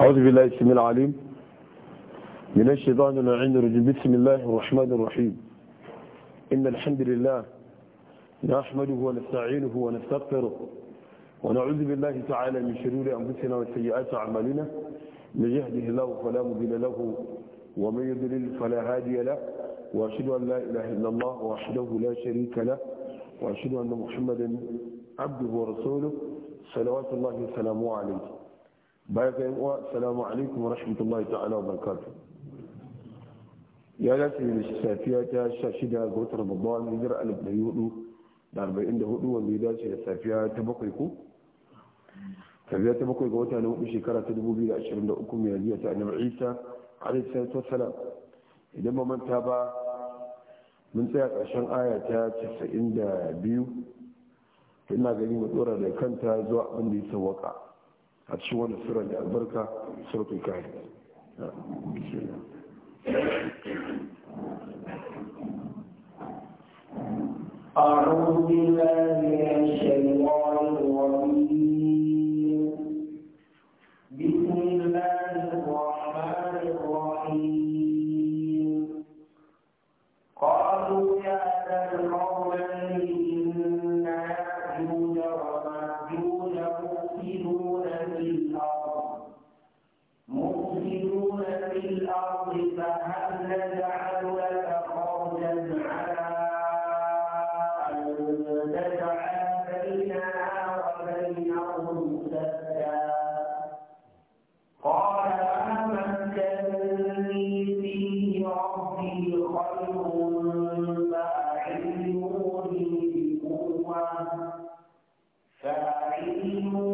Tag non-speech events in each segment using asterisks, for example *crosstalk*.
أعوذ بالله السميع العليم من الشيطان العين الرجيم بسم الله الرحمن الرحيم إن الحمد لله نحمده ونستعينه ونستغفره ونعوذ بالله تعالى من شرور أنفسنا وسيئات أعمالنا من يهده الله فلا مضل له ومن يضلل فلا هادي له وأشهد أن لا إله إلا الله وحده لا شريك له وأشهد أن محمدا عبده ورسوله صلوات الله وسلامه عليه baya ka uwa salamu alaikum wa rahmatullahi ta'ala wa barakatu ya dace da shi safiya ta sha shida ga watan babban hijar alif ɗari hudu da arba'in da hudu wanda ya dace da safiya ta bakwai ko safiya ta bakwai ga wata na hudu shekara ta dubu biyu da ashirin da uku miliyar ta annabi isa alaihi salatu wassalam idan ba manta ba mun tsaya ƙarshen aya ta casa'in da biyu ina gani mu tsora da kanta zuwa abin da ya sawwaka a cikin wani sura da albarka suratul kahf أعوذ بالله من الشيطان الرجيم يعلمون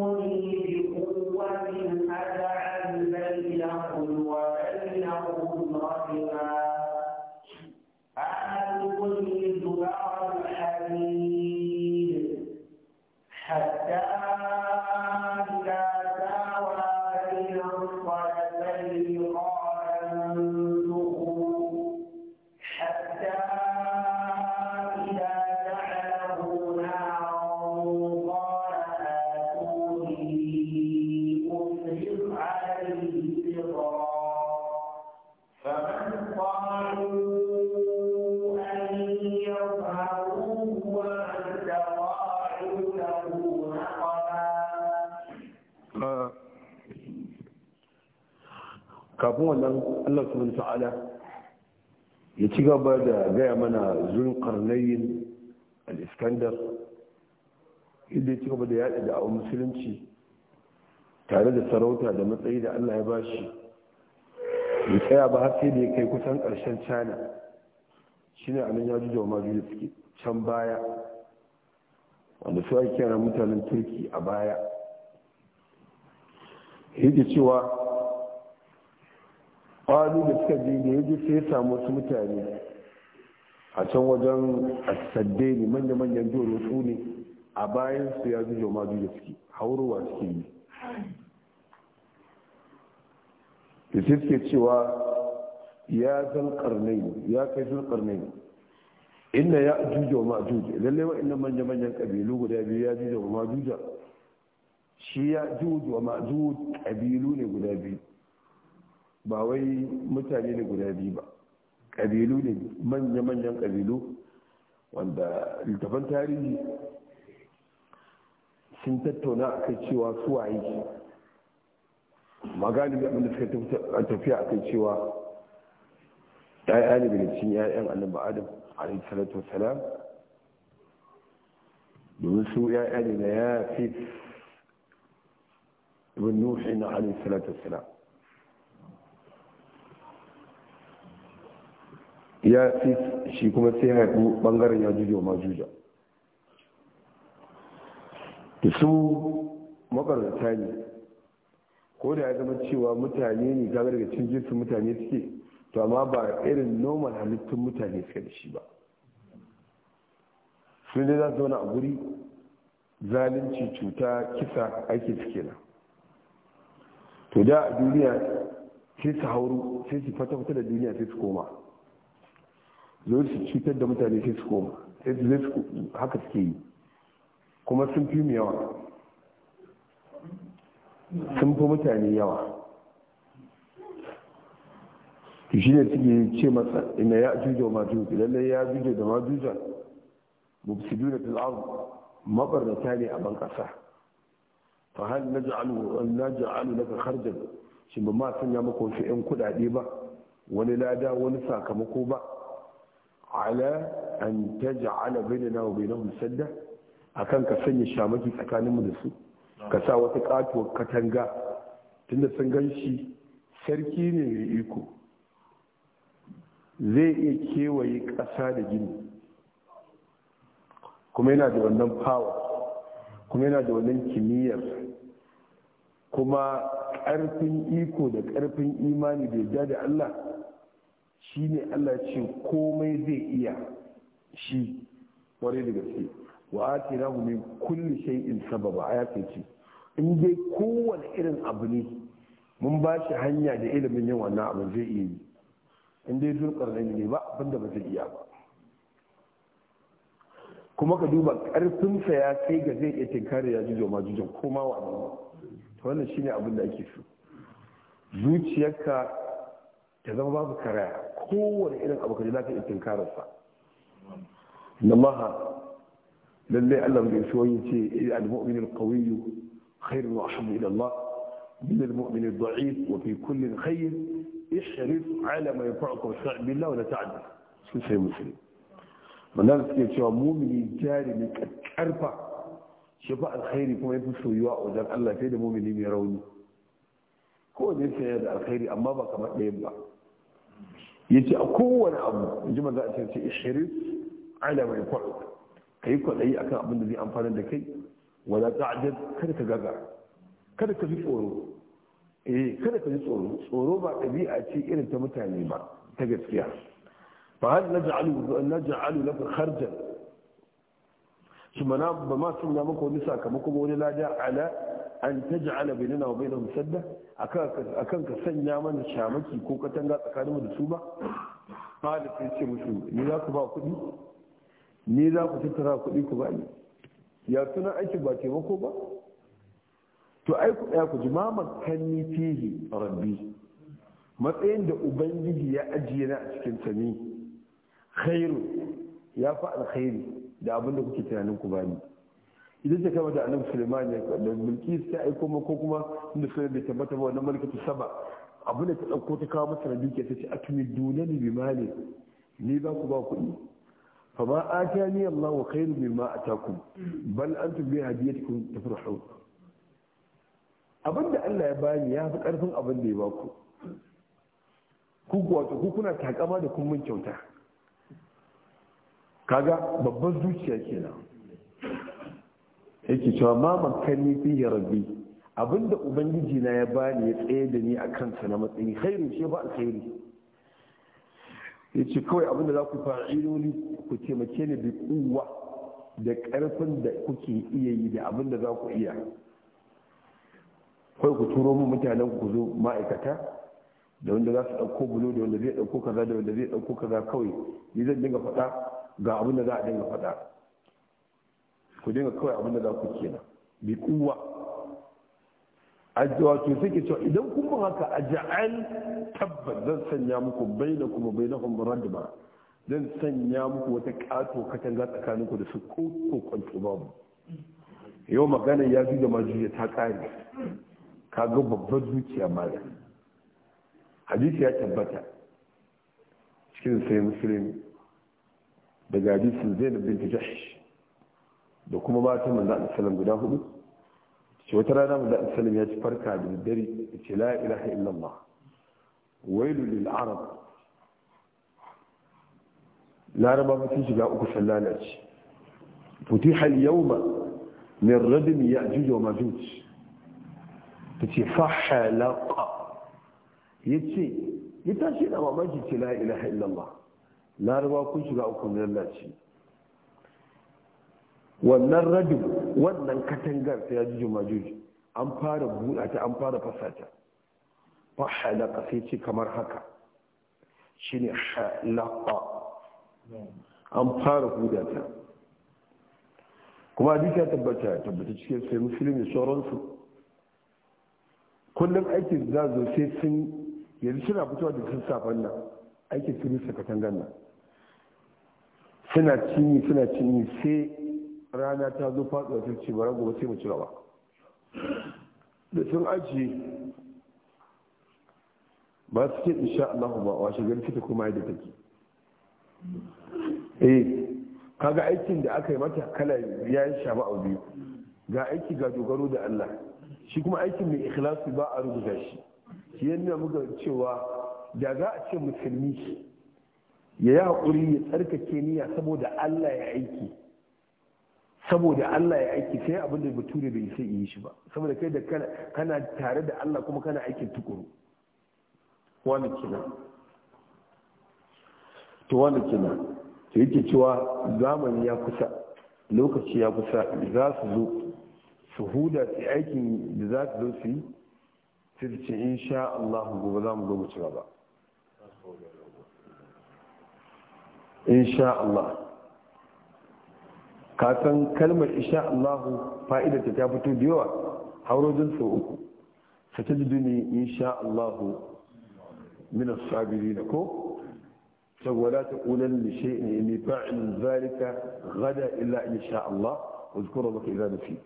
gaba da gaya mana zuwan karnayin al-iskandar inda ya ci gaba da yaɗa da awon musulunci tare da sarauta da matsayi da allah ya ba shi da tsaya ba har sai da ya kai kusan ƙarshen china shi ne anan ya da wa da suke can baya wanda su ake kira mutanen turki a baya ce cewa qalu da suka je da ji sai ya samu wasu mutane a can wajen sadde ne manya-manyan da su ne a bayan su ya zujo ma da suke haurowa suke yi da sai suke cewa ya zan karnai ya kai zan karnai inda ya jujo ma jujo lalle inda manya-manyan kabilu guda biyu ya jujo ma jujo shi ya jujo ma jujo kabilu ne guda biyu ba wai mutane ne guda biyu ba ƙabilu ne manya-manyan ƙabilu wanda littafan tarihi sun tattauna a kai cewa suwaye da abinda suka tafiya a kai cewa ɗaya ne da cin 'ya'yan annabi adam alaihi salatu Salam domin su 'ya'ya ne na ya fi ibn nuhin alaihi salatu Salam. ya shi kuma sai haɗu ɓangaren ya jujo ma juja da su makarnata ne ko da ya zama cewa mutane ne ta daga cin jinsu mutane suke to amma ba irin normal halittun mutane suke da shi ba sun dai za su zauna a guri zalunci cuta kisa aiki suke nan to da a duniya sai su hauru sai su fata-fata da duniya sai su koma zo su cutar da mutane sai su koma sai su haka suke yi kuma sun fi mu yawa sun fi mutane yawa to shi ne suke ce masa ina ya juja wa majuju lallai ya juja da majuja mubsidu da fil'aun mabarnata ne a bankasa fa hal naj'alu laka kharjan shi ba ma sanya maka wasu 'yan kuɗaɗe ba wani lada wani sakamako ba ala an taj'ala bainana wa bainahum sadda akan ka sanya shamaki tsakaninmu da su ka sa wata katuwar katanga tunda sun gan sarki ne mai iko zai iya kewaye ƙasa da gini kuma yana da wannan power kuma yana da wannan kimiyyar kuma ƙarfin iko da ƙarfin imani da yadda da Allah shi ne Allah ce komai zai iya shi ware da gaske wa atina hu min kulli shay'in sababa ayatin ce in dai kowane irin abu ne mun ba shi hanya da ilimin yin wannan abu zai iya yi in dai zurkar ne ba abin da ba zai iya ba kuma ka duba karfinsa ya kai ga zai iya tinkari ya jijo ma jijo koma wa ne wannan shine abin da ake so zuciyarka ta zama babu karaya kowane irin abu kaji lafi ikin kararsa inna allaha lallai allah mai soyin ce al-mu'min al-qawiyyu khairun wa ahabbu ila allah min al-mu'min al-da'if wa fi kullin khayr ishrif ala ma yanfa'ukum billahi wa la ta'dil sun sai muslim wannan suke cewa mumini jarimi karfa shi fa alkhairi kuma yafi soyuwa a wajen Allah sai da mumini mai rauni kowane sai da alkhairi amma ba kamar ɗayan ba yace a kowane abu ji maza a cikin ishirin ala mai kwaɗo ka yi kwaɗayi akan abin da zai amfana da kai wala ta'adad kada ka gaga kada ka ji tsoro eh kada ka ji tsoro tsoro ba ɗabi'a ce irin ta mutane ba ta gaskiya fa hal naj'alu naj'alu laka kharjan kuma na ba ma sun maka wani sakamako ba wani lada ala an taj'ala bainana wa bainahum sadda akan ka sanya mana shamaki ko katanga tsakanin mu da su ba fada sai ce musu ni za ku ba kuɗi ni za ku tattara kuɗi ku ba ni ya tuna aiki ba taimako ba to ai ku ɗaya ku ji ma makanni fihi rabbi matsayin da ubangiji ya ajiye na a cikin ne khairu ya fa alkhairi da abin da kuke tunanin ku bani idan ta kama da annabi suleiman ya da mulki ta aiko kuma ko kuma inda sai da tabbata ba wannan malikatu saba abin da ta dauko ta kawo masa na dukiya ta ce atumi dunani bi mali ni ba ku ba kuɗi fa ma atani Allah wa khairu mimma atakum bal antum bi hadiyatikum tafrahu abin da Allah ya bani ya fi ƙarfin abin da ya ba ku ku wato ku kuna takama da kun mun kyauta kaga babban zuciya kenan yake cewa ma makanni ya rabbi abinda ubangiji na ya bani ya tsaye da ni a kansa na matsayi khairu shi ba alkhairi yace kawai abinda za ku fa'iloli ku taimake ni bi kuwa da karfin da kuke iya yi da abinda za ku iya kawai ku turo mu mutanen ku zo ma'aikata da wanda za su ɗauko bulo da wanda zai ɗauko kaza da wanda zai ɗauko kaza kawai ni zan dinga faɗa ga abinda za a dinga faɗa ku dinga kawai abin da za ku kenan bi kuwa ajiyar wato sai ke cewa idan kun bin haka a ja'al tabbat zan sanya muku bai na kuma bai na kuma radma zan sanya muku wata kato katanga tsakaninku da su ko kwanto babu yau magana ya fi da ya ta kare ka ga babbar zuciya mara hadisi ya tabbata cikin sai musulmi daga hadisin zainab bin jahsh da kuma matan manzo Allah sallam guda hudu ce wata rana manzo Allah sallam ya ci farka da dare ce la ilaha illallah wailu lil arab laraba mutum shiga uku sallala ce futiha al yawma min radim ya'juj wa majuj tace fahalaqa yace ya tashi da mamaki ce la ilaha illallah laraba kun shiga uku ne lallaci wannan rajin wannan katangar ta yaji jumajuji an fara buɗa ta an fara fasa ta halaka sai ce kamar haka shi ne halaka an fara buɗa ta kuma duk ya tabbata tabbata cikin sai musulmi sauransu kullum aikin za zo sai sun yanzu suna fitowa da sun safan nan aikin sun katangar nan suna cinye suna cinye sai rana ta zo faɗuwa sun ce bara gobe sai mu ci gaba da sun aji ba su ce insha Allah ba wa shigar ta kuma yadda take eh kaga aikin da aka yi mata kala ya yi shaba a biyu ga aiki ga dogaro da Allah shi kuma aikin mai ikhlasi ba a rubuta shi shi yana muka cewa da za a ce musulmi ya yi haƙuri ya tsarkake niyya saboda Allah ya aiki saboda Allah ya aiki sai abin da bature bai sai yi shi ba saboda kai da kana tare da Allah kuma kana aikin tukuru wani kina to wani kina to yake cewa zamani ya kusa lokaci ya kusa za su zo su huda su aikin da za su zo su yi sai da ce insha Allah gobe za mu zo mu ci gaba insha Allah ka san kalmar insha Allah fa'idar ta fito da yawa haurojin sau uku sace jiduni insha Allah min as na ko saboda ta kulan li shay'in inni fa'il zarika gada illa insha Allah uzkura baka idza nasit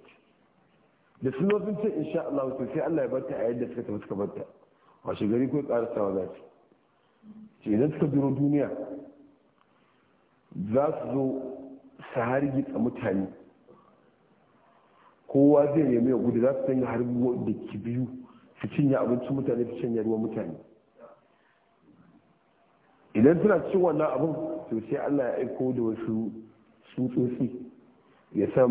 da sun sun ce insha Allah to sai Allah ya barta a yadda suka tafi suka barta washe gari ko karasawa za su ce idan suka biro duniya za su zo ta hargitsa mutane kowa zai nemi ya gudu za su sanya harbi da ke biyu su cinye abincin mutane su cinye ruwan mutane idan suna cin wannan abin to sai allah ya aiko da wasu tsutsotsi ya sa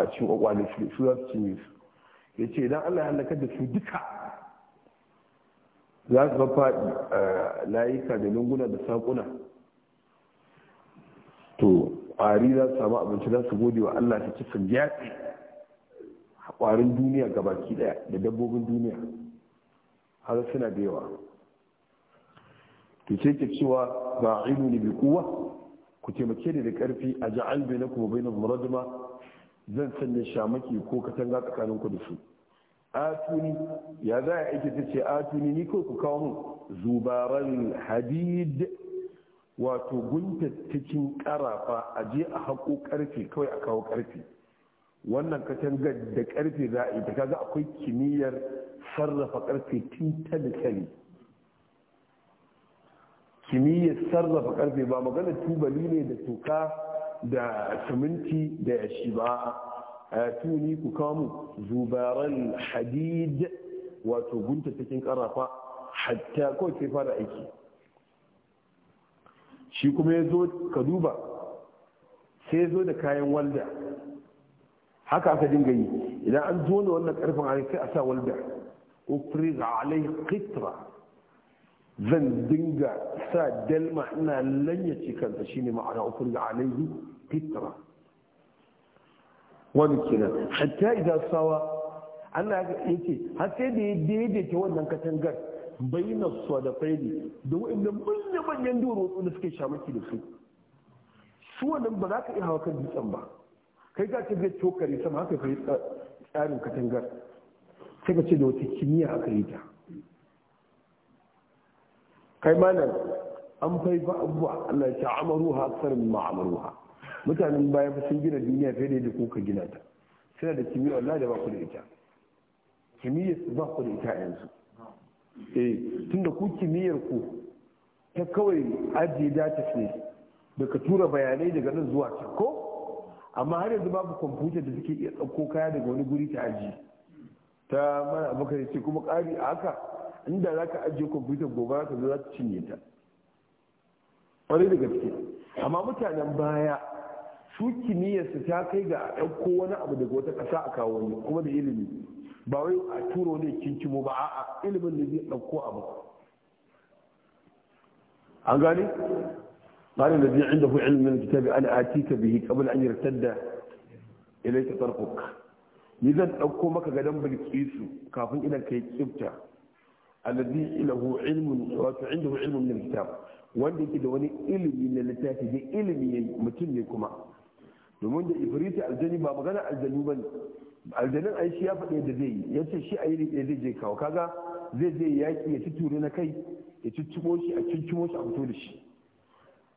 a cin kwakwale su za su cinye su ya ce idan allah ya halaka da su duka za su faɗi eh, layuka da lunguna da saƙuna kwari za su samu abinci za su gode wa Allah ta ci su ƙwarin duniya gabaki ɗaya da dabbobin duniya har suna da yawa to ce ke cewa ba a ilu ne bai kuwa ku taimake ni da ƙarfi a jan bai na kuma bai na muraduma zan sanya shamaki ko katanga tsakaninku da su atuni ya za a aiki ta ce atuni ni ko ku kawo min zubaran hadid wato cikin karafa a je a haƙo ƙarfe kawai a kawo ƙarfe wannan katangar da ƙarfe za a yi ta kaga akwai kimiyyar sarrafa ƙarfe tun talitali kimiyyar sarrafa ƙarfe ba magana tubali ne da toka da siminti da yashi ba a tuni ku kawo zubaran hadid wato cikin karafa hatta kawai sai fara aiki shi kuma ya zo ka duba sai ya zo da kayan walda haka aka dinga yi idan an zo da wannan karfin a sai a sa walda ufriza alai Kitra, zan dinga sa dalma ina lanyace kansa shi ne ma'ana ufriza alaihi kitra wani kenan hatta idan sawa Allah ya ce har sai da ya daidaita wannan katangar bayna sadaqaini da wa'annan manyan manyan wasu da suke shamaki da su su wannan ba za ka iya hawa kan dutsen ba kai ka ce zai sama haka kai tsarin katangar sai ka ce da wata kimiyya aka yi ta kai malam an fai ba abuwa Allah ya ce amaruha aksar ma amaruha mutanen bayan fa sun gina duniya fiye da ka gina ta suna da kimiyya Allah da ba ku da ita kimiyya ba ku da ita yanzu eh tunda ku kimiyyar ku ta kawai ajiye data ne daga tura bayanai daga nan zuwa can ko amma har yanzu babu kwamfuta da suke iya ɗauko kaya daga wani guri ta ajiye ta mana abokan ce kuma ƙari a haka inda za ka ajiye kwamfuta gobe za ka zo za ta cinye ta ƙwarai da gaske amma mutanen baya su kimiyyarsu ta kai ga a ɗauko wani abu daga wata ƙasa a kawo kuma da ilimi ba wai a turo ne kinkimo ba a ilimin da zai ɗauko abu an gani? gane da الذي عنده علم من الكتاب انا اتيك به قبل ان يرتد اليك طرفك ni zan ɗauko maka gadon bilkisu kafin idan ka yi tsibta alladhi ilahu ilmun wato indahu ilmun min kitab wanda yake da wani ilimi na littafi da ilimi ne mutum ne kuma domin da ifriti aljani ba magana aljani bane aljanin ai shi ya faɗi yadda zai yi ya ce shi a yi ɗaya zai je kawo kaga zai je yaƙi ya tutture na kai ya cicciɓo shi a ciccimo shi a fito da shi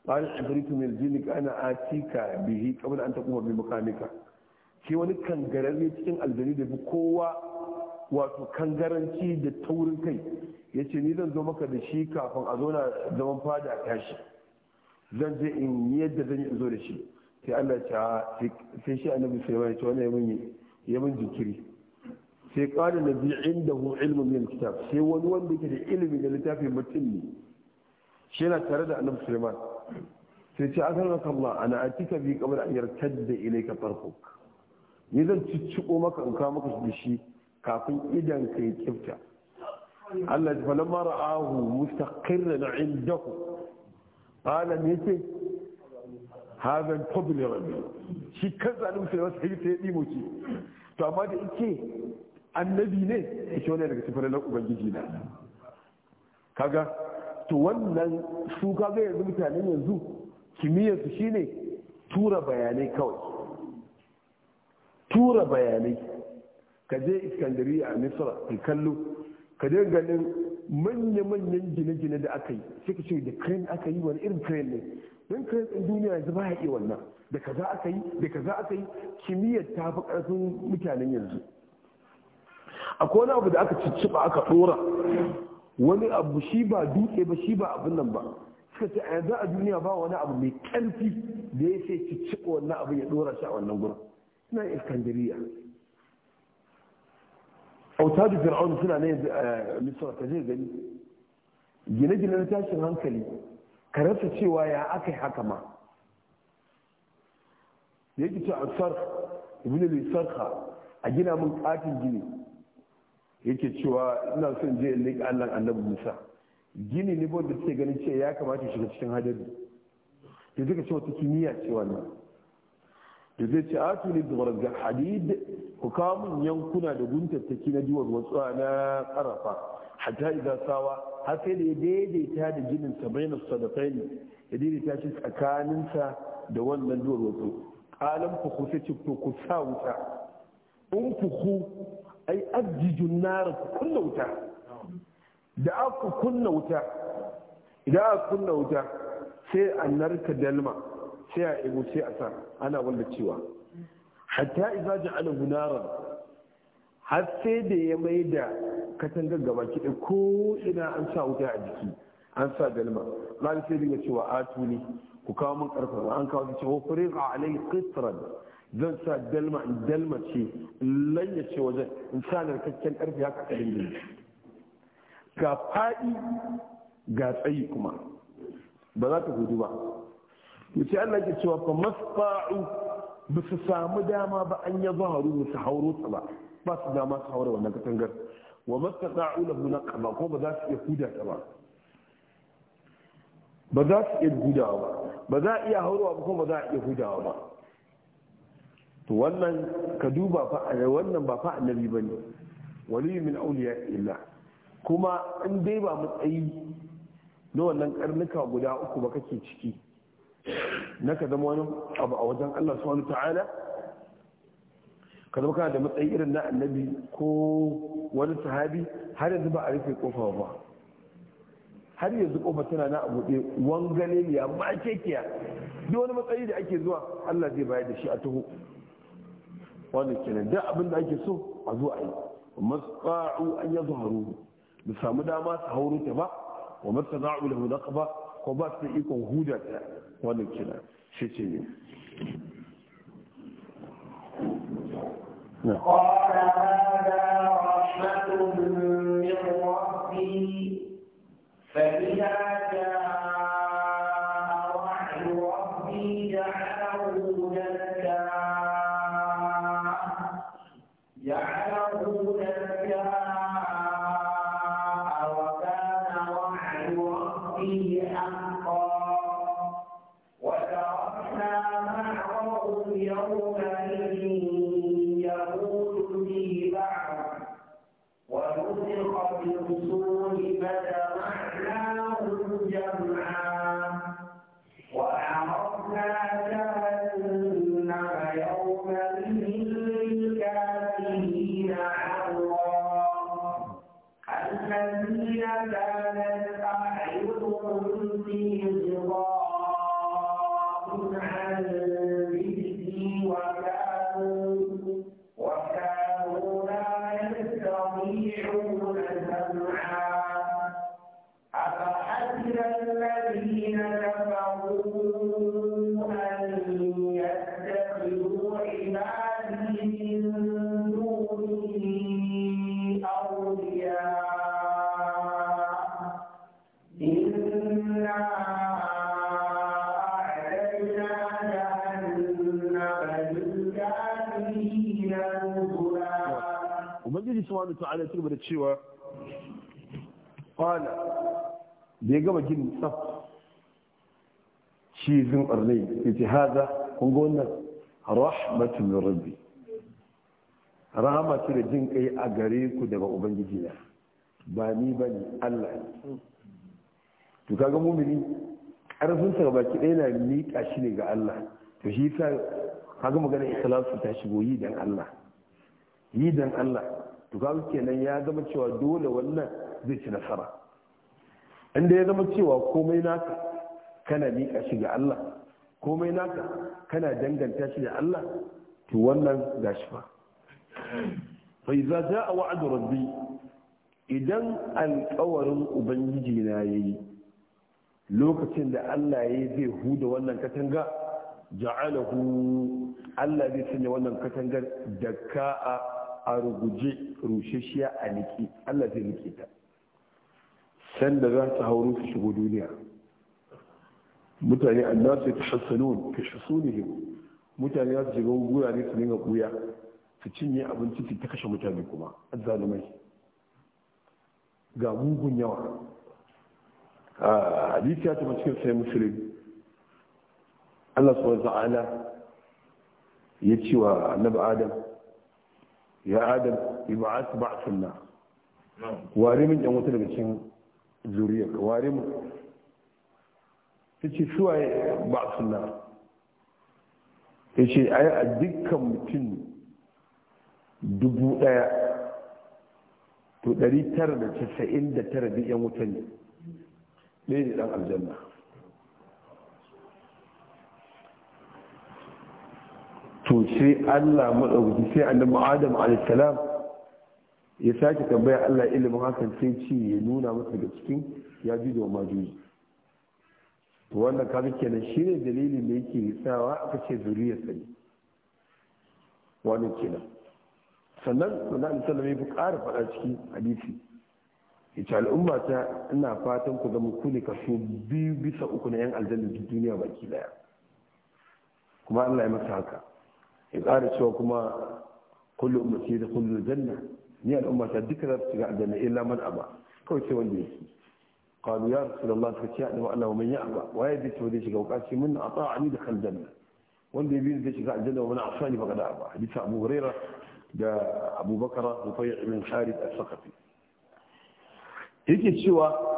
قال zini من الجن انا اتيك به an taɓa تقوم makamika shi wani kangararre cikin aljanu da kowa wato kangaranci da taurin kai ya ce ni zan zo maka da shi kafin a zauna zaman fada a tashi zan je in yadda zan yi zo da shi sai Allah ya ce sai shi annabi sai ya ce wannan ya mun yi ya min jinkiri sai kada na bi inda hu ilmin min kitab sai wani wanda yake da ilimi da littafi mutum ne shi yana tare da annabi Sulaiman sai ce akan raka Allah ana atika bi kamar an yartadda ilayka farkuk ni zan cicciko maka in ka maka shi kafin idan ka yi kifta Allah ya falamma ra'ahu mustaqirran indahu qala me ce hadha fadl rabbi shi kaza annabi Sulaiman sai ya dimo shi to amma da yake annabi ne yake wani daga cikin ranar ubangiji na kaga to wannan su kaga yanzu mutanen yanzu kimiyyarsu ne tura bayanai kawai tura bayanai ka je iskandariya a misra ka kallo ka je ganin manya-manyan gine-gine da aka yi sai ka ce da crane aka yi wani irin crane ne don crane in duniya yanzu ba ya iya wannan da za aka yi da za aka yi kimiyyar ta fi ƙarfin mutanen yanzu akwai wani abu da aka cicciba aka ɗora wani abu shi ba dutse ba shi ba abin nan ba suka ce a yanzu a duniya ba wani abu mai ƙarfi da ya ce cicciba wannan abu ya ɗora shi a wannan gurin suna auta da fir'aun suna na yanzu a eh, misra ka zai gani gine-gine na tashin hankali ka rasa cewa ya aka yi haka ma yake ce a sar ibn al-sarha a gina min katin gini yake cewa ina son je in liƙa Allah annabi Musa gini ne da suke ganin ce ya kamata shiga cikin hadari da zai ce wata kimiyya ce wannan da zai ce atu ne zubar ga hadid ku min yankuna da guntattaki na jiwar wasuwa na karafa hatta idan sawa har sai da ya daidaita da ginin sa bai da ya daidaita shi tsakaninsa da wannan duwar alam fuhu sai ce to ku sa wuta in fuhu ai ajijun nara ku kunna wuta da aku kunna wuta idan aka kunna wuta sai a narka dalma sai a ego sai a sa ana wanda cewa hatta ji ja'ala gunara har sai da ya mai da katangar gaba kiɗa ko ina an sa wuta a jiki an sa dalma ma sai dinga cewa atuni ku kawo mun karfa an kawo ki ce wa a alai qitran zan sa dalma in dalma ce in lanyace wajen in sa kakken karfi haka ka dinga ga fadi ga tsayi kuma ba za ta gudu ba ce Allah ke cewa fa masfa'u ba su samu dama ba an ya zaharu su hauro ta ba ba su dama su haura wannan katangar wa mastata'u lahu naqaba ko ba za su iya huda ta ba ba za su iya gudawa ba ba za iya haurowa ba kuma ba za a iya hudawa ba to wannan ka duba fa wannan ba fa annabi bane wali min auliya illa kuma in dai ba matsayi na wannan karnuka guda uku ba kake ciki na ka zama wani abu a wajen Allah subhanahu ta'ala ka zama kana da matsayi irin na annabi ko wani sahabi har yanzu ba a rufe kofa ba har yanzu kuma tana na buɗe wangale ne ya kekiya duk wani matsayi da ake zuwa Allah zai bayar da shi a taho wannan kenan da abin da ake so a zuwa yi masqa'u an yazharu da samu dama su hauru ta ba wa masqa'u lahu laqaba ko ba su ikon huda ta wannan kenan shi ce ne قال هذا رحمة يعلمون malam cigaba da cewa kwana da ya gama gini tsaf shi zin ɓarnai ya ce haza kun ga wannan min rabbi rahmatu da jin kai a gare ku daga ubangiji na ba ni ba ni allah ne to kaga mumini ƙarfin sa baki ɗaya na miƙa shi ne ga allah to shi sa kaga magana ikhlasu ta shigo yi dan allah yi dan allah tukar kenan ya zama cewa dole wannan zai ci nasara inda ya zama cewa komai naka kana miƙa shi ga Allah komai naka kana danganta shi da Allah to wannan gashi ba fa idza jaa wa'du rabbi idan alƙawarin ubangiji na yayi lokacin da Allah yayi zai huda wannan katanga ja'alahu Allah zai sanya wannan katangar dakka'a a ruguje rushashiya a niki Allah zai niki ta sanda za ta hauru su shigo duniya mutane annasu ya tahassanun ka shasunihim mutane za su shiga ne su dinga kuya su cinye abinci su ta kashe mutane kuma azzalumai ga mugun yawa a hadisi ya taɓa cikin sai musulmi Allah subhanahu wa ta'ala ya ce wa annabi Adam ya adam ib'at ba'sunna ware min yan wata daga cikin zuriya ware mu tace suwaye ba'sunna yace ai a dukkan mutum dubu daya to 999 duk yan wuta ne ɗaya ne dan aljanna sai Allah maɗauki sai annabi Adam alaihissalam ya sake tambaya Allah ilimin hakan sai ce ya nuna masa daga cikin ya ji da majuji to wannan kaga kenan shine dalilin da yake sawa aka ce zuriyar sani wannan kenan sannan sunan sallam ya fi ƙara faɗa cikin hadisi ita al'umma ta ina fatan ku zama ku ne kaso biyu bisa uku na yan aljanna duniya baki daya kuma Allah ya masa haka ya ƙara cewa kuma kullu ummati da kullu janna ni al'umma ta duka za su shiga aljanna illa man aba kawai sai wanda yake qalu ya rasulullah ta ce annabi Allah man ya aba waye ya to zai shiga wakaci mun ata'ani da kan janna wanda ya bi zai shiga aljanna wa man afani faqad aba hadisi Abu Hurairah da Abu Bakar Rufai' bin Khalid al-Saqafi yake cewa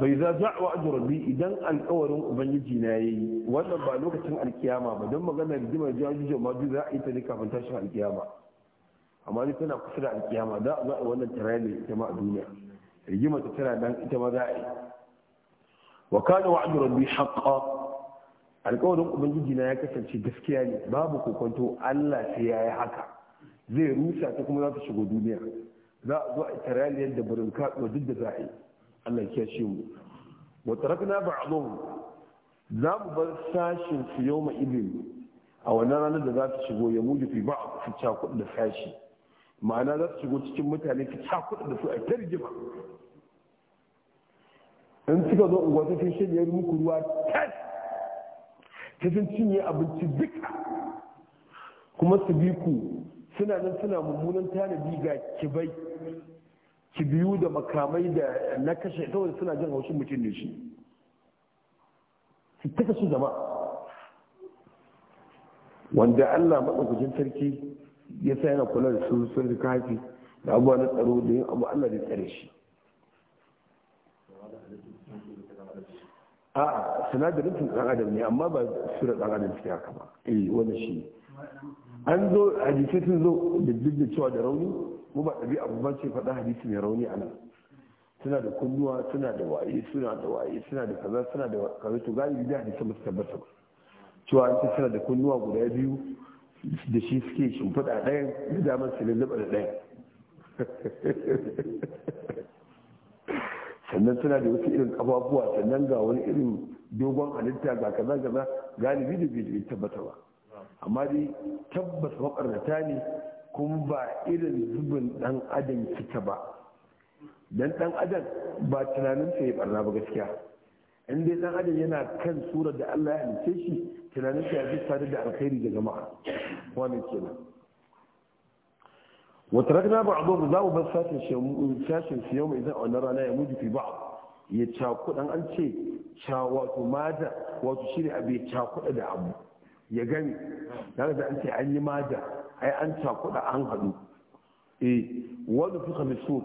bai za da'wa ajrabi idan alkawarin ubangiji na yi wannan ba lokacin alkiyama ba don magana rigimar jajuju ma duk za a yi ta ne kafin tashin alkiyama amma ni tana kusa da alkiyama za a za wannan tarayya ita ma a duniya rigima ta tana dan ita ma za a yi wa kana wa'du rabbi haƙa alkawarin ubangiji na ya kasance gaskiya ne babu kokonto Allah sai ya yi haka zai rusa ta kuma za ta shigo duniya za a zo a tarayya da burinka duk da za a yi Allah ya kiyashe mu wa tarakna ba'dhum za mu bar sashin su yawma idin a wannan ranar da za ta shigo ya mudu fi ba'a fi cakuɗa da sashi ma'ana za ta shigo cikin mutane fi cakuɗa da su a tarjima in suka zo unguwa ta sun shirya muku ruwa tas ta sun cinye abinci duka kuma su bi ku suna nan suna mummunan tanadi ga kibai ki biyu da makamai da na kashe kawai suna jin haushin mutum ne shi su kasa su zama. wanda allah maɗaukacin sarki ya sa yana kula da sun sun kafi da abuwa na tsaro da yin abu allah da tsare shi a'a sinadarin sun ɗan adam ne amma ba da ɗan adam su haka ba eh wanda shi an zo a jikin sun zo da duk da cewa da rauni mu ba ɗabi'a mu ba ce faɗa hadisi mai rauni a nan suna da kunnuwa suna da waye suna da waye suna da kaza suna da kaza to galibi da hadisi ba su tabbata ba cewa an ce suna da kunnuwa guda biyu da shi suke shimfiɗa ɗayan da damar su lullaba da ɗayan sannan suna da wasu irin ƙafafuwa sannan ga wani irin dogon halitta ga kaza kaza galibi da bai tabbata ba amma dai tabbas makarnata ne kuma ba irin zubin dan adam kika ba dan dan adam ba tunanin sa ya barna ba gaskiya in dai dan adam yana kan surar da Allah ya halice shi tunanin ya fi tare da alkhairi ga jama'a wannan kenan وتركنا بعضهم ya وبسات شاشن في يوم إذا أنا رانا يموج في بعض يتشاكو أن أنت شاوات ماذا وتشير أبي تشاكو أدعم يا جميل هذا أنت عني ماذا ai an cakuɗa an haɗu e eh, wani fuka miso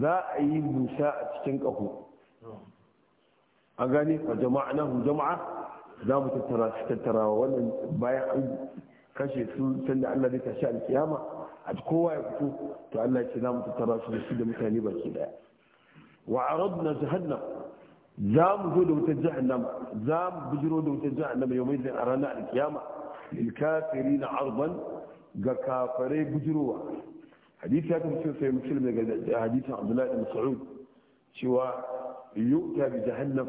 za a yi busa a cikin ƙaho a gane a jama'a na jama'a za mu tattara su tattara wannan bayan an kashe su sanda allah zai tashi alkiyama a kowa ya fito to allah ce za mu tattara su da su da mutane baki daya wa a aradna jahannam za mu zo da wutar jahannama za mu bijiro da wutar jahannama yau mai zai a ranar alkiyama lil na arban ga kafarai bujirowa hadisi ya kamce sai musulmi ga hadisin abdullahi da sa'ud cewa ta bi jahannam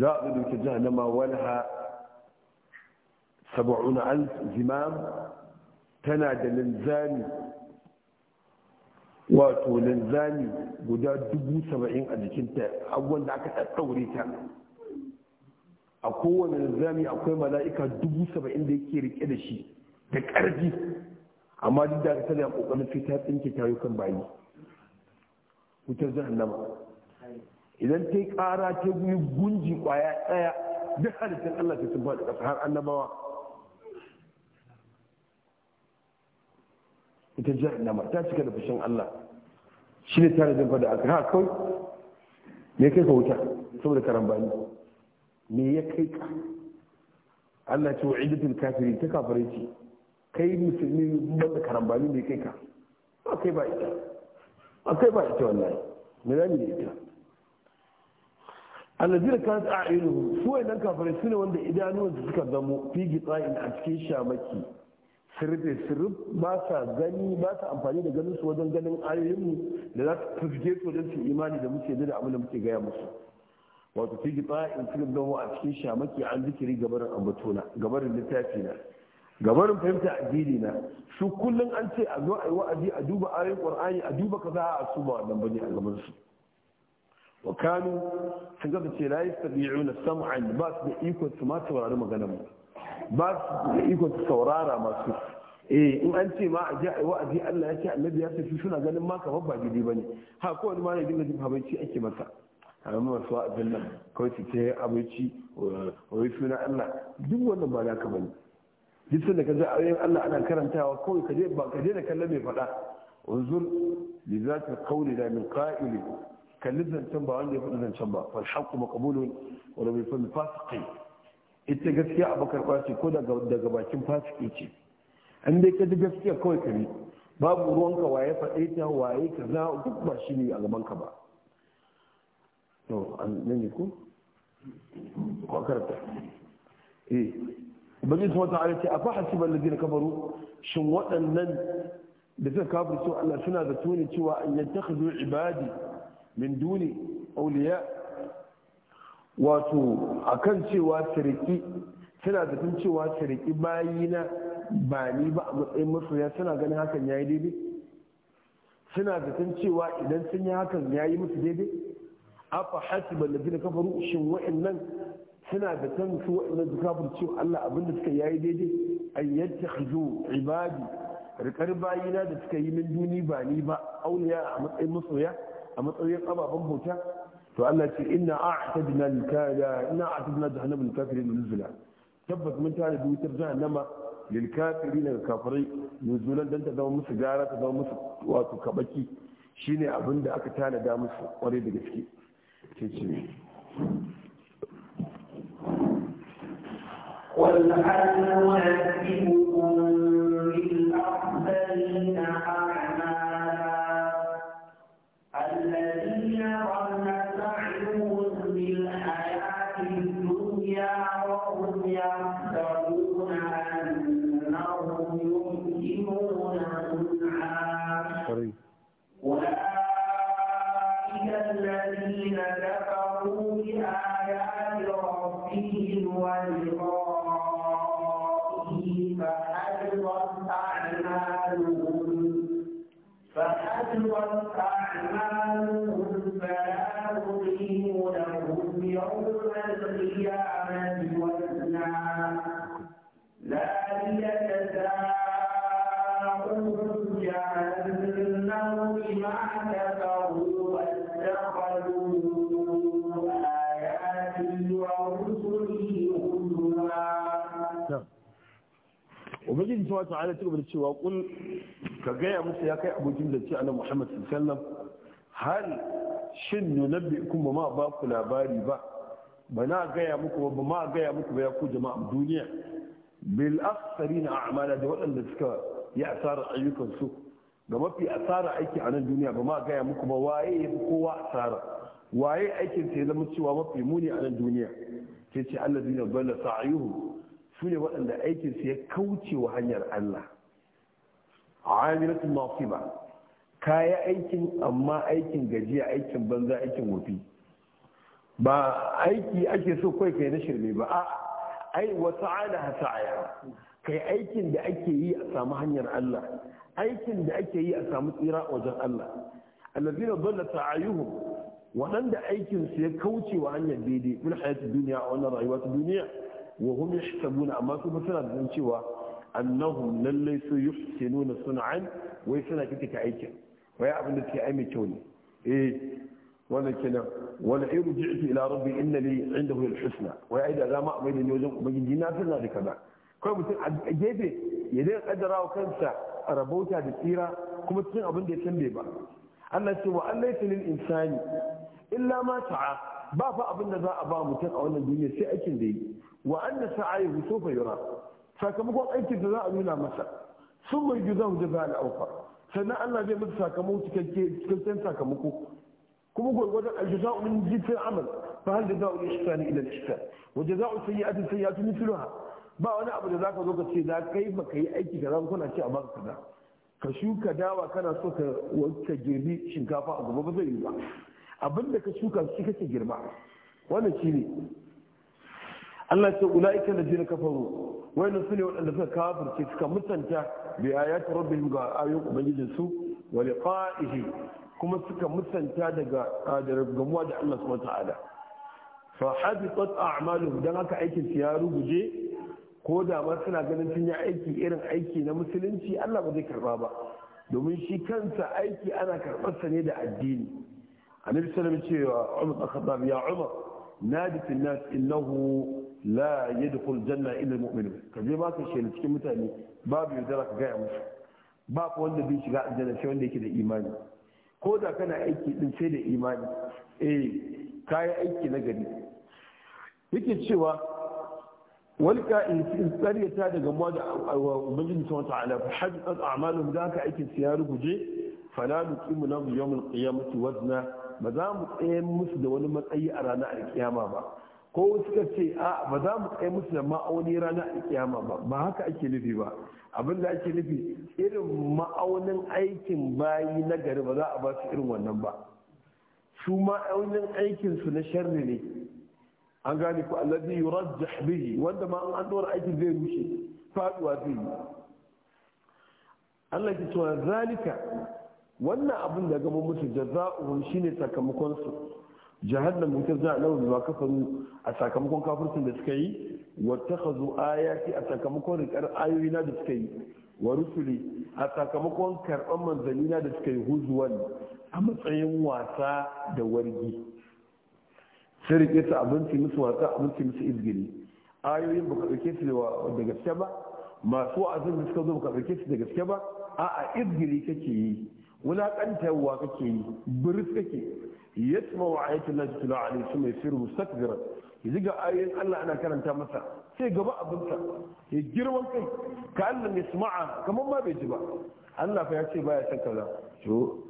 za a dauke jahannama ha saba'una alf zimam tana da linzami wato linzami guda dubu saba'in a jikinta abubuwan da aka ɗaɗɗaure ta a kowane linzami akwai mala'ika dubu saba'in da yake rike da shi da ƙarfi amma duk da ta da kokarin sai ta tsinke kan bayi wutar jahannama idan ta yi ƙara ta yi gunji ƙwaya ɗaya duk halittar Allah ta sun faɗi ƙasa har annabawa ita jahannama ta cika da fushin Allah shi ne tare da fada aka haka kawai me kai ka wuta saboda karambani me ya kai ka Allah ce wa idatul kafiri ta kafare ce kai musulmi banda karambani mai kai ka akwai kai ba ita akwai ba ita wallahi me zamu da ita alladina kan a'ilu su wayannan kafirai sune wanda idanuwan su suka zamo fi gitsa'in a cikin shamaki sirbe sirb ba sa gani ba sa amfani da ganin su wajen ganin ayoyinmu da za su fuske su wajen su imani da muke da abin da muke gaya musu wato fi gitsa'in sirb don a cikin shamaki an zikiri gabarin ambatona gabarin littafi na gabarin fahimta addini na su kullum an ce a zo a yi wa'azi a duba ayoyin qur'ani a duba kaza a su ba wannan bane a gaban su wa kanu sun ga ce la yastabi'una sam'a ba su da ikon su ma saurari magana mu ba su da ikon su saurara masu eh in an ce ma a ji a yi wa'azi Allah ya ce annabi ya ce su suna ganin ma kamar ba ne, bane ha ko wani ma ne dinga jin habanci ake masa amma masu wa'azin nan kawai su ce abinci wai suna Allah duk wannan ba naka ne. duk da ka ji ayoyin Allah ana karantawa kawai ka je ba ka je da kallon mai faɗa unzur za zati qawli da min ka'ili kallin zancen ba wanda ya faɗi zancen ba fal haqqu maqbulun wanda mai bi fasiki ita gaskiya bakar kwace ko daga bakin fasiki ce an dai ka ji gaskiya kawai ka ne babu ruwanka waye faɗe ta waye za duk ba shi ne a gaban ka ba to an ne ko karanta eh ubangiji subhanahu wataala ce afa hasiban ladina kafaru shin waɗannan da suka kafirce Allah suna da tuni cewa an yattakhidhu ibadi min duni awliya wato akan cewa sirki suna da tun cewa sirki bayina ba ni ba a matsayin masoya suna ganin hakan yayi daidai suna da tun cewa idan sun yi hakan yayi musu daidai afa hasiban ladina kafaru shin waɗannan suna da san su wa'annan su kafir cewa Allah abinda suka yayi daidai an yattakhizu ibadi rikar bayina da suka yi min duni ba ni ba auliya a matsayin masoya a matsayin ababen bauta to Allah ce inna a'tadna lil-kafira inna a'tadna jahannama lil-kafirin nuzula tabbas mun tare da wutar jahannama nama kafirin ga kafirai nuzulan dan ta zama musu gara ta zama musu wato kabaki shine abin da aka tanada musu kwarai da gaske ce ce والآن نعذبكم بالأحسنين أعمالكم Kuma wa ta'ala cigaba da cewa kul ka gaya musu ya kai abokin da ce annabi Muhammad sallallahu hal shin nunabbi'ukum ba ma ba ku labari ba ba na gaya muku ba ma gaya muku ba ya ku jama'a duniya bil aktharina a'mala da waɗanda suka yi asarar ayyukan su ga mafi asara aiki a nan duniya ba ma gaya muku ba waye ya fi kowa asara waye aikin sa ya zama cewa mafi muni a nan duniya ke ce alladina dalla sa'ayuhu su ne waɗanda aikinsu ya kauce wa hanyar Allah amilatun kaya aikin amma aikin gajiya aikin banza aikin wofi ba aiki ake so kai kai na shirme ba a ai wata ala hasaya kai aikin da ake yi a samu hanyar Allah aikin da ake yi a samu tsira wajen Allah allazina dalla ta'ayuhum aikin su ya kauce wa hanyar daidai fil hayati duniya a wannan rayuwa ta duniya wa hum yashtabuna amma su suna da cewa annahum lallai su yuhsinuna sun'an wai suna kitika aikin wai abin da suke ai mai kyau ne eh wannan kenan wal ayru ji'tu ila rabbi inna li 'indahu al-husna wai ai da zama amai da ni wajen ubangiji na tana da kaza kai mutum a gefe ya dai kaddara wa kansa rabauta da tsira kuma cikin abin da ya san bai ba Allah ce wa allaita lil insani illa ma ta'a. ba fa abin da za a ba mutum a wannan duniya sai aikin da yi wa anna sa'ayahu sawfa yura sakamakon aikin da za a nuna masa sun mai juzan da za a auka sannan Allah zai masa sakamakon cikakken sakamako kuma gwargwadon aljaza'u min jinsin amal ba fa hal jaza'u al-ihsan ila al yi wa jaza'u sayyi'atin sayyi'atu mithluha ba wani abu da za ka zo ka ce za ka kai baka yi aiki kaza ko na ce a baka kaza ka shuka dawa kana so ka girbi shinkafa a gaba ba zai yi ba abin da ka shuka shi kake girma wannan shi ne Allah ce ula'ika da jini kafaru wayan su ne waɗanda suka kafirce suka mutanta bi ayati rabbihim ga ayu ubangijin su wa liqa'ihi kuma suka mutanta daga gamuwa da Allah subhanahu ta'ala fa habitat a'maluhum dan haka aikin su ya ruguje ko da ma suna ganin sun yi aiki irin aiki na musulunci Allah ba zai karba ba domin shi kansa aiki ana karɓarsa ne da addini annabi sallallahu alaihi cewa Umar bin Khattab ya Umar nadi fil nas innahu la yadkhul janna illa Ka je ba ka shela cikin mutane babu yadda ka gaya musu ba ku wanda bai shiga aljanna sai wanda yake da imani ko da kana aiki din sai da imani eh kayi aiki na gari yake cewa walka in tsariyata daga mu da ubangiji subhanahu ta'ala fa hajjat a'maluhum da ka aikin su ya ruguje fala nuqimu lahu yawm al-qiyamati wazna ba za mu tsaye musu da wani matsayi a ranar alkiyama ba ko suka ce a ba za mu tsaye musu da ma'auni ranar alkiyama ba ba haka ake nufi ba abin da ake nufi irin ma'aunin aikin bayi na gari ba za a ba su irin wannan ba su ma'aunin aikinsu na sharri ne an gane ku alladhi yurajjah bihi wanda ma an dora aikin zai rushe faduwa zai yi Allah ya ce zalika wannan abin da gama musu jaza'uhum shine sakamakon su jahannam ta za lahu bima kafaru a sakamakon kafircin da suka yi wattakhazu ayati a sakamakon rikar ayoyi na da suka yi wa rusuli a sakamakon karban manzanni na da suka yi huzuwan a matsayin wasa da wargi sai rike su abinci musu wasa abinci musu izgiri ayoyin baka ɗauke su da gaske ba masu wa'azin da suka zo baka ɗauke su da gaske ba a'a izgiri kake yi wulaƙantarwa kake yi biris kake yasma wa ayatul na tulu alaihi su mai firu mustakbiran ya ji ga ayoyin Allah ana karanta masa sai gaba abinka ya girman kai ka Allah ya suma'a kamar ma bai ji ba Allah fa ya ce baya san kaza to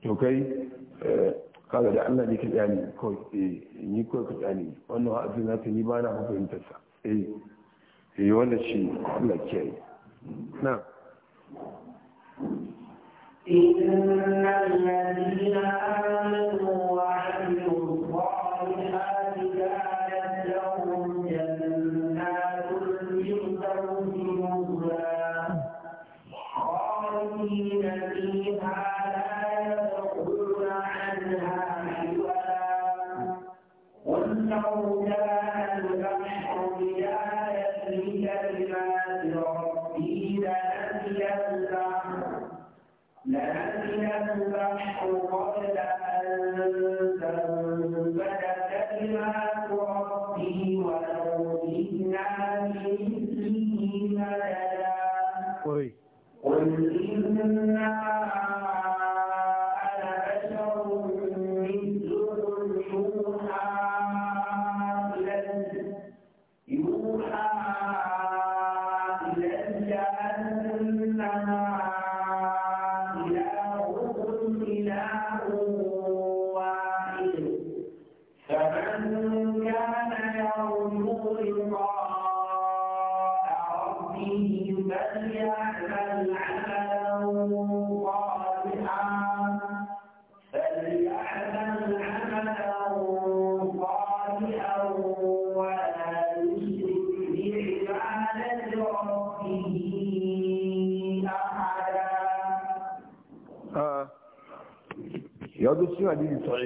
to kai eh, kaga da Allah ne ka tsani ko ni ko eh, ka tsani wannan wa'azi na ta ni ba na fahimtar sa eh eh wannan shi Allah ke na إن الذين آمنوا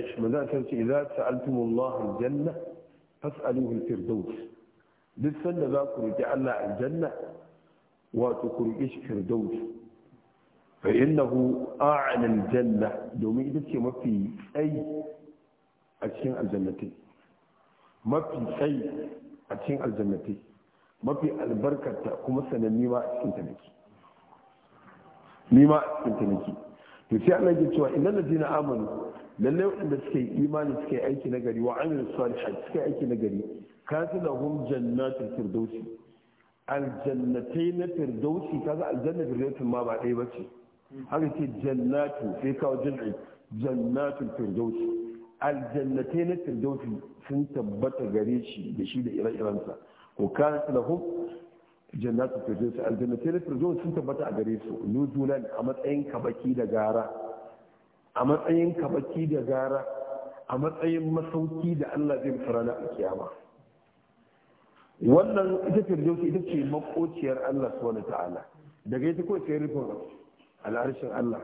shi manzo ta ce idza sa'altumullahu aljanna fas'aluhu alfirdaus duk sanda za ku riƙe Allah aljanna wato ku riƙe shi firdaus fa innahu a'la aljanna domin ita ce mafi tsayi a cikin aljannati mafi tsayi a cikin aljannati mafi albarkata kuma sananni ma a cikin ta nake ni ma a cikin ta nake to sai Allah ya ce wa innal ladina amanu lalle wanda suke imani suke aiki na gari wa amil salihat suke aiki na gari katilahum jannatul firdausi aljannatai na firdausi kaga aljanna firdausi ma ba ɗaya bace haka ce jannatu sai kawo jin'i jannatul firdausi aljannatai na firdausi sun tabbata gare shi da shi da ire-irensa ko katilahum jannatul firdausi aljannatai na firdausi sun tabbata a gare su nuzulan a matsayin kabaki da gara a matsayin kabaki da gara a matsayin masauki da Allah zai musu ranar kiyama wannan ita firdausi ita ce makociyar Allah wani ta'ala daga ita kawai sai rufin al'arshin Allah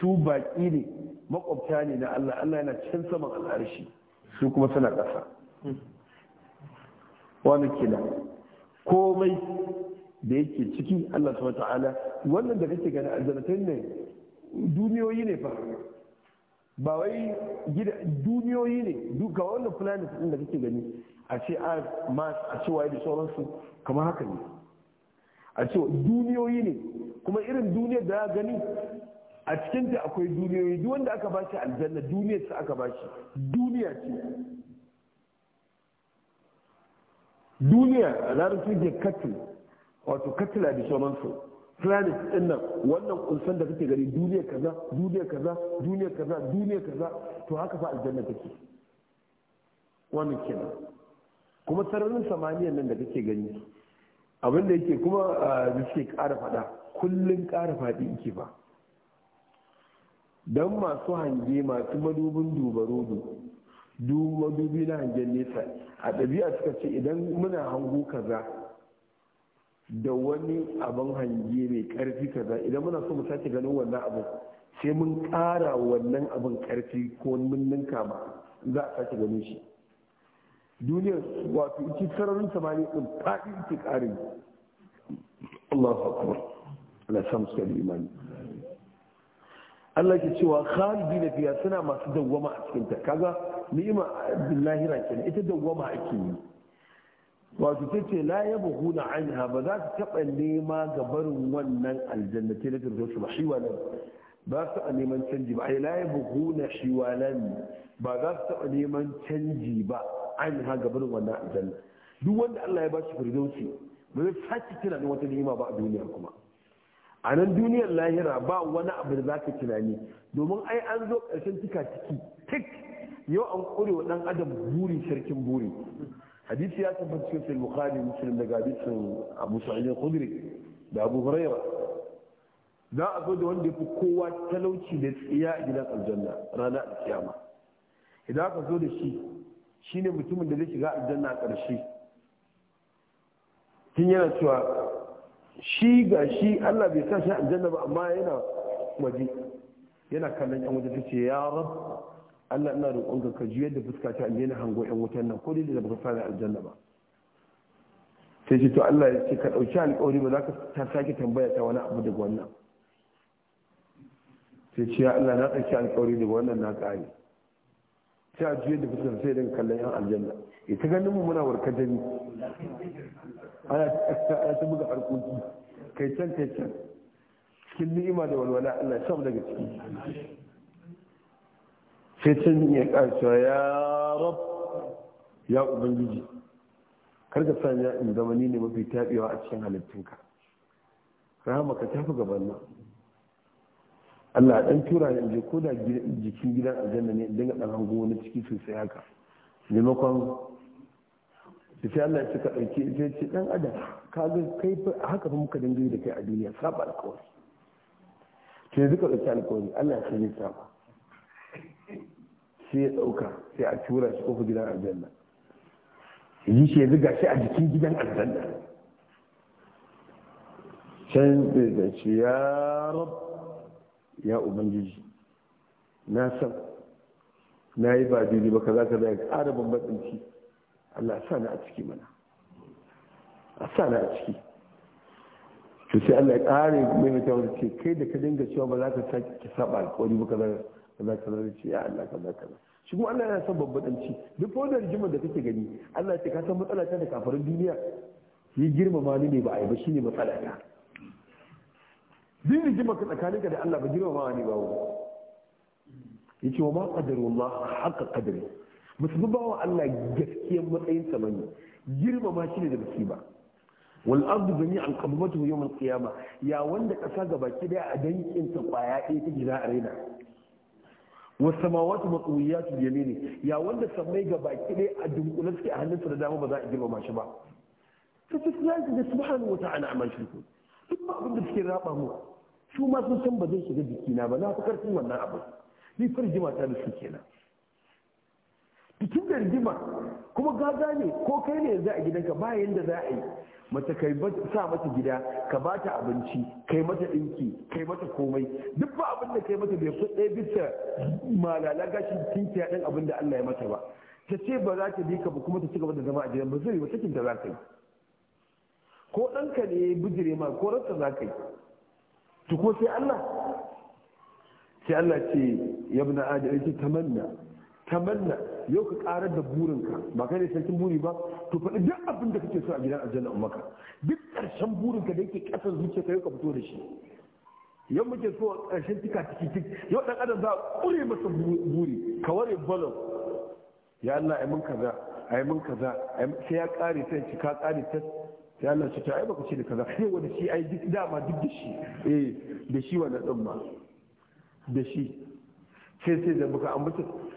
su baki ne makwabta ne na Allah Allah yana can saman al'arshi su kuma suna ƙasa wani kila komai da yake ciki Allah wani ta'ala wannan da kake gani aljannatin ne duniyoyi ne fa ba wai gida duniyoyi ne duka wannan planet din da kake gani a ce a mars a ce waye da sauransu kamar haka ne a ce duniyoyi ne kuma irin duniyar da gani a cikin ta akwai duniyoyi duk wanda aka bashi aljanna duniyar sa aka bashi duniya ce duniya a larabci ke katil wato katila da sauransu planet ɗinnan wannan kunsan da kake gari duniya kaza duniya kaza duniya kaza duniya kaza to haka fa aljanna take wannan kenan kuma sararin samaniyan nan da kake gani abin da yake kuma ah, da suke ƙara faɗa kullum ƙara faɗi yake ba don masu hange masu madubin dubarodo duba dubi na hangen nesa a ɗabi'a suka ce idan muna hango kaza da wani abin hange mai karfi kaza idan muna so mu sake ganin wannan abin sai mun ƙara wannan abin karfi ko mun ninka ma za a sake ganin shi Duniya wato ita sararin samani din faɗi ita ƙarin Allahu akbar Allah samu suka imani Allah ke cewa khalidi na fiya suna masu dawwama a cikinta kaga ni'ima billahi rakin ita dawwama ake yi wato ta ce la ya buhu na anha ba za su taɓa nema ga barin wannan aljanna ta latin zuwa ba shi walan ba su a neman canji ba ai la ya buhu na shi walan ba za su taɓa neman canji ba anha ga barin wannan aljanna duk wanda Allah ya ba shi firdausi ba zai sake da wata ni'ima ba a duniya kuma a nan duniyar lahira ba wani abu da zaka tunani domin ai an zo ƙarshen tika ciki tik yau an ƙure wa ɗan adam buri sarkin buri hadisi ya tabbata cikin sai bukhari muslim daga hadisin abu sa'id al-khudri da abu huraira za a zo da wanda ya fi kowa talauci da tsiya a gidan aljanna rana a kiyama idan aka zo da shi shine mutumin da zai shiga aljanna a ƙarshe tun yana cewa shi ga shi allah bai sa shi aljanna ba amma yana waje yana kallon yan waje ta ce ya Allah ina roƙon ka juyar da fuska ta in daina hango ƴan wutan nan ko dai da baka fara aljanna ba sai ce to Allah ya ce ka ɗauki alƙawari ba za ka ta sake tambaya ta wani abu daga wannan sai ce ya Allah na ɗauki alƙawari daga wannan na ƙare sai a juyar da fuskar sai dan kallon ƴan aljanna ya eh, ta ganin mu muna warkar da ni ana ta buga harkoki kai can kai can cikin ni'ima da walwala Allah ya samu daga ciki sai can ya ƙarcewa ya rab ya ubangiji karka sanya in zama ni ne mafi taɓewa a cikin halittunka rahama ka tafi gaban nan Allah ɗan tura ne je ko da jikin gidan aljanna ne dinga ɗan hango wani ciki sosai haka maimakon da sai Allah ya ce ka ɗauke sai ce ɗan adam ka ga kai haka fa muka dangane da kai a duniya saba alƙawari to yanzu ka ɗauki alƙawari Allah ya ne saba sai ya ɗauka sai a tura shi kofa gidan aljanna yi shi ya ziga shi a jikin gidan aljanna can zai da ce ya rab ya ubangiji na san na yi ba daidai ba kaza kaza ya ƙara bambatsanci Allah sa na a ciki mana a sa na a ciki to sai Allah ya yi mai mutum ce kai da ka dinga cewa ba za ka sake saba alƙawari ba kaza kaza kaza zai ce ya Allah kaza kaza shi kuma Allah yana son babbadanci duk wannan rigimar da kake gani Allah ce ka san matsala ta da kafarin duniya yi girmama ni ne ba a yi ba shine matsala ta duk rigimar ka tsakaninka da Allah ba girmama ni ba yace wa ma qadarullah haqa qadri musu ba wa Allah gaskiyar matsayin sa bane girmama shi ne da baki ba wal ardu an qabdatuhu yawm al qiyamah ya wanda kasa gabaki daya a dankin ta kwaya ɗaya ta gida a raina wasu samawati matsuyatu da yamini ya wanda samai ga baki ne a dunkule suke a hannunsa da dama ba za a girmama shi ba ta ce su yanzu da subhanahu wa ta'ala amma shi ko duk ba abin da suke raba mu su ma sun san ba zai shiga jikina ba na fi karfin wannan abin ni firjima ta da su kenan cikin da rigima kuma Gaza ne ko kai ne za a gidanka ba yanda za a yi mace kai sa mata gida ka ba ta abinci kai mata ɗinki kai mata komai duk ba abin da kai mata bai fi ɗaya bisa malala gashin ya ɗan abin da Allah ya mata ba ta ce ba za ta bi ka ba kuma ta ci gaba da zama a gidan ba zai wata kinta za ka yi ko ɗanka ne ya yi bijire ma ko rasa za ka yi to ko sai Allah sai Allah ce ya bi na adam ya ce tamanna tamanna yau ka karar da burinka ba kai ne sarkin buri ba to faɗi duk abin da kake so a gidan aljanna ummaka maka duk ƙarshen burinka da yake ƙasar zuciya ka yau ka fito da shi yau muke so a ƙarshen tika tiki tik yau ɗan adam za a ƙure masa buri ka ware balon ya Allah ai mun kaza ai mun kaza sai ya ƙare sai ci ka ƙare ta ya Allah ce ta ai baka ce da kaza sai wani shi ai duk dama duk da shi eh da shi wannan ɗin ma da shi sai sai da baka ambata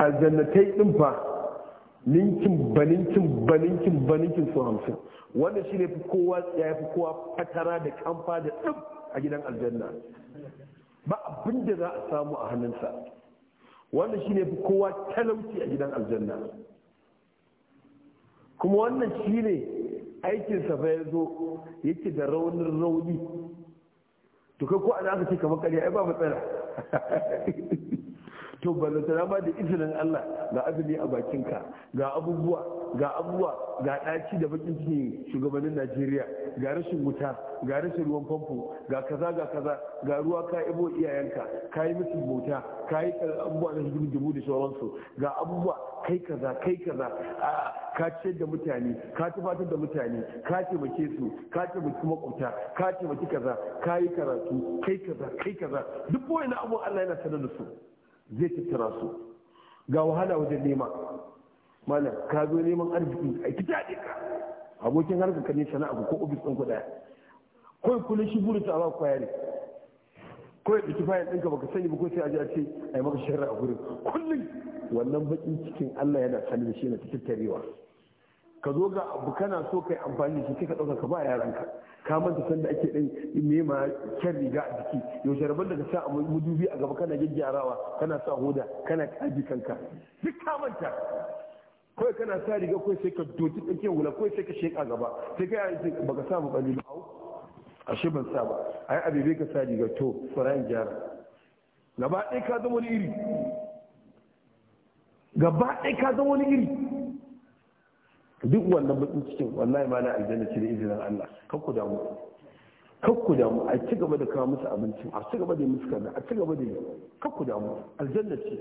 aljannatai din fa ninkin baninkin baninkin baninkin su hamsin wanda shi ne fi kowa ya fi kowa fatara da kamfa da ɗin a gidan aljanna ba abin da za a samu a hannunsa wanda shi ne fi kowa talauci a gidan aljanna kuma wannan shi ne aikinsa fa ya zo yake da raunin rauni to kai ko ana aka ce kamar ƙarya ai ba matsala *laughs* to balantana ba da izinin Allah ga azumi a bakinka ga abubuwa ga abubuwa ga ɗaci da bakin cikin shugabannin Najeriya ga rashin wuta ga rashin ruwan famfo ga kaza ga kaza ga ruwa ka ibo iyayenka ka yi musu bauta ka yi abubuwa na hidimdimu da sauransu ga abubuwa kai kaza kai kaza ka ciyar da mutane ka tufatar da mutane ka taimake su ka taimaki makwabta ka taimaki kaza ka yi karatu kai kaza kai kaza duk wani abu Allah yana sanar da su zai tattara su ga wahala wajen nema malam ka zo neman arziki a kita ka abokin harkar ka ne sana'a ko ofis ɗin kuɗa kawai kullum shi buru ta ba kwayar kawai ɗauki bayan ɗinka baka sani ba ko sai a ji a ce a yi maka shirar a gurin kullum wannan baƙin cikin Allah yana sani da shi na tattarewa ka zo ga abu kana so kai amfani da shi kai ka dauka ka ba yaranka ka manta sanda ake dan nema kyan riga a jiki yau jarabar da ka sa a mudubi a gaba kana gyaggyarawa kana sa hoda kana kaji kanka duk ka manta kawai kana sa riga kawai sai ka doki tsakiyar wula kawai sai ka sheka gaba sai ka yi baka sa mu kalli ba shi ban sa ba ai abebe ka sa riga to farayin gyara gaba ɗaya ka zama wani iri gaba ɗaya ka zama wani iri duk wannan bakin cikin wallahi ma na aljanna ce da izinin Allah kakku damu kakku damu a ci gaba da kawo musu abinci. a ci gaba da musu kaza a ci gaba da kakku damu aljanna ce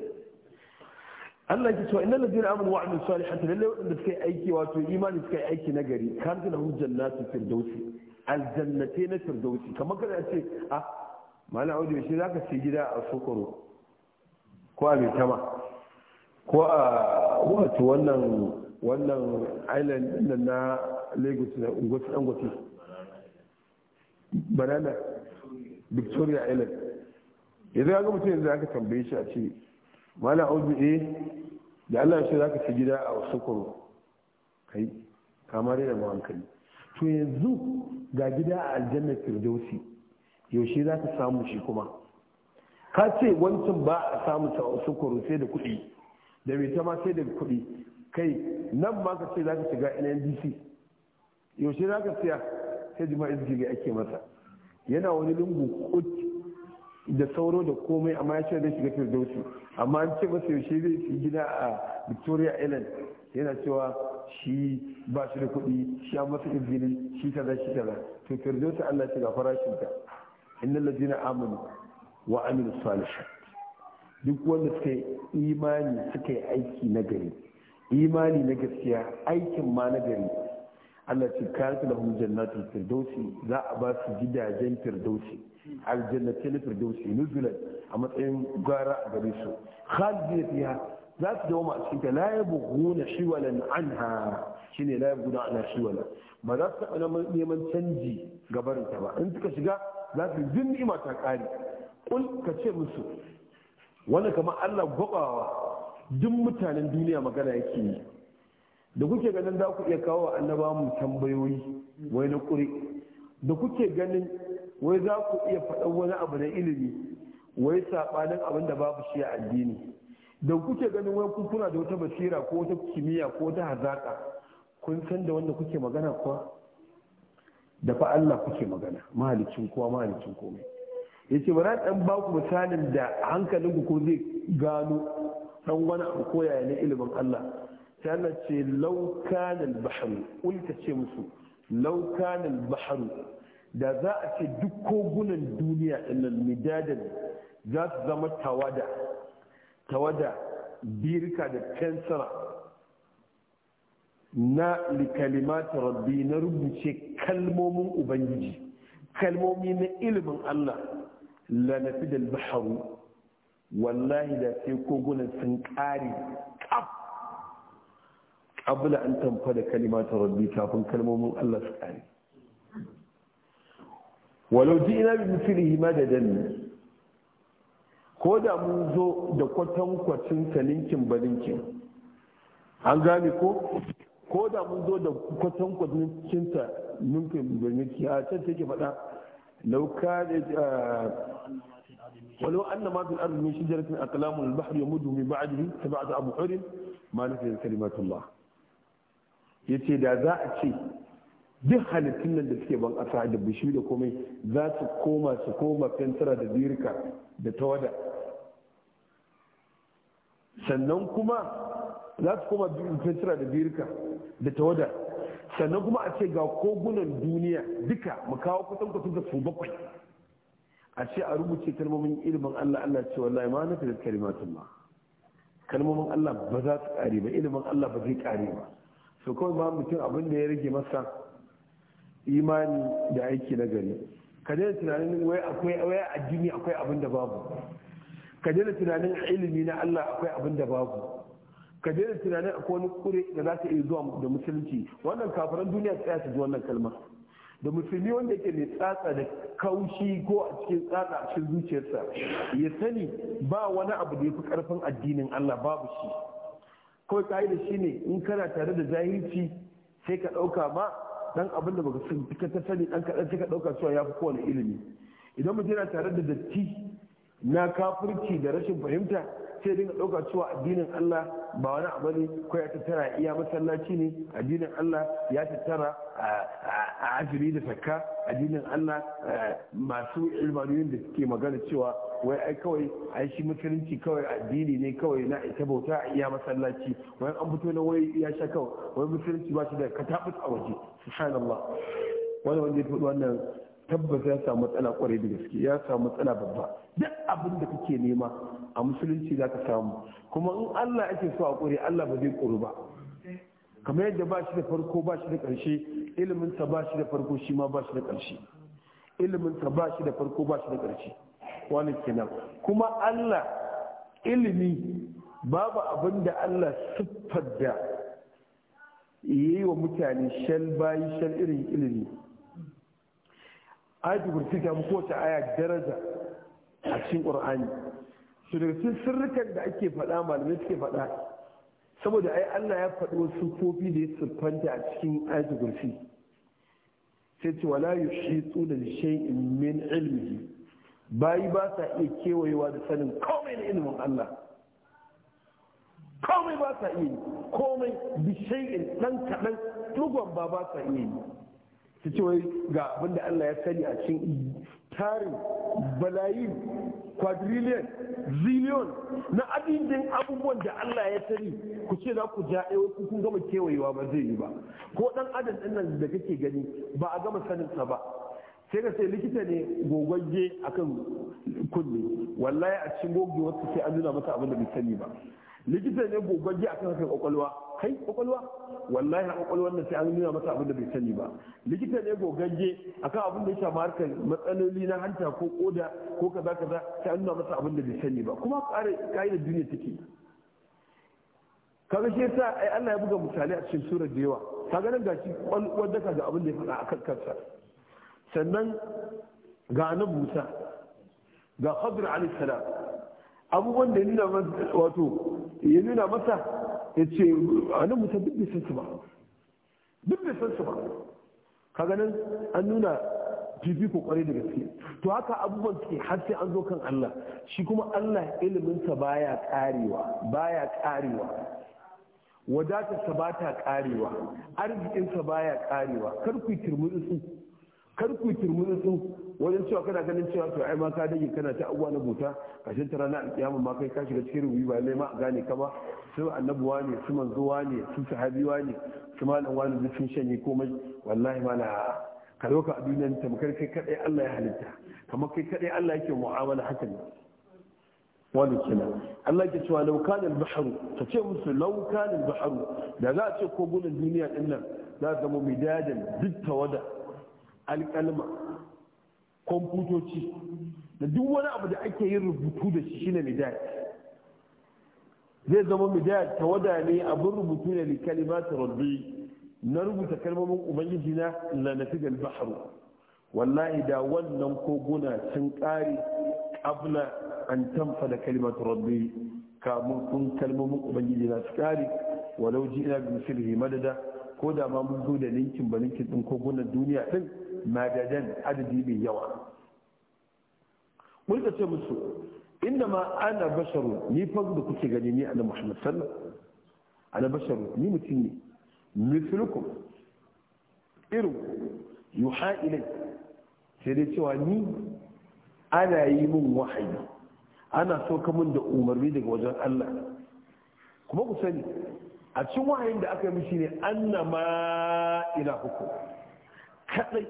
Allah ke cewa innal ladina amanu wa amilus salihati lalle wanda suka yi aiki wato imani suka yi aiki na gari kan kana hujjan nasu firdausi na firdausi kamar kada ce a ah, mallan audu shi zaka ci gida a sokoro ko a mai tama ko a wato wannan wannan island na lagos na ungwati angwati banana victoria island yanzu ya ga mutum yanzu aka tambaye shi a ce mana audu a eh, da allah shi za ka ci gida a sukuru kai kamar yana hankali to yanzu ga gida a aljanna firdausi yaushe za ka samu shi kuma ka ce wancan ba a samu sukuru sai da kuɗi da mai ta ma sai da kuɗi kai nan ma ka ce za ka shiga nndc yaushe za ka siya sai jima'i zikiri ake masa yana wani lungu kut da sauro da komai amma ya ce zai shiga firdausi amma an ce masa yaushe zai fi gida a victoria island yana cewa shi ba shi da kuɗi shi an masa izini shi ta za shi kaza to firdausi allah ce ga farashin inna innal ladina amanu wa amin salihat duk wanda suka yi imani suka yi aiki na gari imani na gaskiya aikin ma na gari Allah ce kayan da hun jannatul firdausi za a ba su gidajen firdausi na firdausi nuzulan a matsayin gara a gare su khalidina fiha za su dawo a cikin ta la yabghuna shiwalan anha shine la yabghuna ana shiwala ba za su taɓa neman canji gabarin ta ba in suka shiga za su jin ni'ima ta ƙari kul ka ce musu Wani kamar Allah gwabawa duk mutanen duniya magana yake yi da kuke ganin za ku iya kawo annaba mu tambayoyi wai na kuri da kuke ganin wai za ku iya faɗan wani abu na ilimi wai saɓanin abin da babu shi a addini da kuke ganin wai kun kuna da wata basira ko wata kimiyya ko wata hazaƙa kun san da wanda kuke magana kuwa da fa Allah kuke magana mahalicin kowa mahalicin komai yace bara dan ba ku misalin da hankalinku ko zai gano dan wani abu koya ne ilimin Allah sai Allah ce laukanin baharu ulka ce musu laukanin baharu da za a ce duk kogunan duniya ɗinnan midadan za su zama tawada tawada birka da fensira. na likalimata rabbi na rubuce kalmomin ubangiji kalmomi na ilimin Allah lanafi da baharu wallahi da sai kogunan sun ƙari ƙaf abula an tamfa da kalimata rabbi kafin kalmomin Allah su ƙare walau ji ina bi misiri hima da danni ko da mun zo da kwatankwacin salinkin balinkin an gane ko ko da mun zo da kwatankwacin sa ninkin balinkin a can take faɗa lauka ولو أن ما في الأرض من شجرة أقلام البحر يمد من بعده تبعة أبو حر ما نفذ كلمات الله yace da za a duk halittun nan da suke ban ƙasa da bishiyu da komai za su koma su koma fentara da birka da tawada sannan kuma za su koma fentara da birka da tawada sannan kuma a ce ga kogunan duniya duka mu kawo kusan kusan da su bakwai a ce a rubuce kalmomin ilimin Allah Allah ce wallahi ma nafi da kalimatun ma kalmomin Allah ba za su kare ba ilimin Allah ba zai kare ba so kawai ma mutum abin da ya rage masa imani da aiki na gari ka daina tunanin wai akwai wai addini akwai abin da babu ka daina tunanin ilimi na Allah akwai abin da babu ka daina tunanin akwai wani kure da za ta iya zuwa da musulunci wannan kafiran duniya tsaya su ji wannan kalmar da musulmi wanda yake mai tsatsa da kaushi ko a cikin tsatsa a cikin zuciyarsa ya sani ba wani abu da ya fi karfin addinin Allah babu shi kawai ka'ida shi ne in kana tare da zahirci sai ka ɗauka ma dan abin da baka san ta sani dan kaɗan sai ka ɗauka cewa ya fi kowane ilimi idan mutum yana tare da datti na kafirci da rashin fahimta sai dinga ɗauka cewa addinin Allah ba wani abu ne ko ya tattara iya masallaci ne addinin Allah ya tattara a ajiri da sakka addinin Allah masu ilmaniyoyin da suke magana cewa wai ai kawai ai shi musulunci kawai addini ne kawai na ita bauta a iya masallaci wai an fito na wai ya sha kawai wai musulunci ba shi da katabut a waje subhanallah wani wanda ya faɗi wannan tabbas ya samu matsala kwarai da gaske ya samu matsala babba duk abin da kake nema a musulunci za ka samu kuma in allah ake so a ƙure allah ba zai kuru ba kamar yadda ba shi da farko ba shi da ƙarshe ta ba shi da farko shi ma ba shi da ƙarshe ta ba shi da farko ba shi da ƙarshe wani kenan kuma allah ilimi babu abin da allah siffar da yi wa mutane shan bayi shan irin ilimi ayatul kursi ta mu kowace aya daraja a cikin qur'ani su daga cikin sirrikan da ake faɗa malamai suke faɗa saboda ai Allah ya faɗi wasu kofi da ya siffanta a cikin ayatul kursi sai ce wala yushitu da shay'in min ilmihi bayi ba sa iya kewayewa da sanin komai na ilimin Allah komai ba sa iya komai bi shay'in dan kadan dugon ba ba sa iya sai ce wai ga abinda Allah ya sani a cikin tarin balayin quadrillion zillion na adadin abubuwan da Allah ya sani ku ce za ku ja ɗaya eh, ku kun gama kewayewa ba zai yi ba ko dan adam din nan da kake gani ba a gama sanin saninsa ba sai ka sai likita ne gogagge akan kunne wallahi a cikin gogewarsa sai an nuna masa abin da bai sani ba likita ne gogagge a kan kwakwalwa kai kwakwalwa wallahi na kwakwalwar nan sai an nuna masa abin da bai sani ba likita ne a kan abin da ya shafi harkar matsaloli na hanta ko koda ko kaza kaza sai an nuna masa abin da bai sani ba kuma kare ka'idar duniya take kaga shi yasa ai Allah ya buga misali a cikin surar da yawa kaga nan gashi kwalwar daka ga abin da ya faɗa kan kansa sannan ga annabi Musa ga Khadir alayhi salam abubuwan da nuna wato ya nuna masa ya ce a nan mutum duk bisan su ba duk bisan su ba kaga nan an nuna ko kwarai da gaske to haka abubuwan suke har sai an zo kan Allah shi kuma Allah iliminsa baya karewa baya karewa wadatarsa ba ta karewa arzikinsa baya karewa kar ku su kar ku kirmuni su wajen cewa kana ganin cewa to ai ma ka dage kana ta abuwa na buta kashin tara na alƙiyama ma kai ka shiga cikin rubi ba lai ma a gane ka ba su annabuwa ne su manzuwa ne su sahabiwa ne su malam wani duk sun shanye komai wallahi ma na ka zo ka a duniyar tamkar kai kadai Allah ya halitta kamar kai kadai Allah yake mu'amala haka ne wani kina Allah yake cewa laukanin baharu ta ce musu laukanin baharu da za a ce kogunan duniya din nan za a zama midadin duk tawada alƙalma kwamfutoci da duk wani abu da ake yin rubutu da shi shine midad zai zama midad tawada ne abin rubutu ne likalimat rabbi na rubuta kalmomin ubangiji na lanafigal bahru wallahi da wannan koguna sun kare abla an tamfa da kalimat rabbi kamun kun kalmomin ubangiji na su ƙare walau ji ina bi madada ko da ma mun zo da ninkin ba ninkin ɗin kogunan duniya ɗin madadan adadi mai yawa mulka ce musu inda ma ana basharu ni fa da kuke gani ni annabi Muhammad sallallahu alaihi ana basharu ni mutum ne mithlukum irin yuha ilai sai dai cewa ni ana yi min wahayi ana sauka mun da umarni daga wajen Allah kuma ku sani a cikin wahayin da aka yi mishi ne annama ila hukum kadai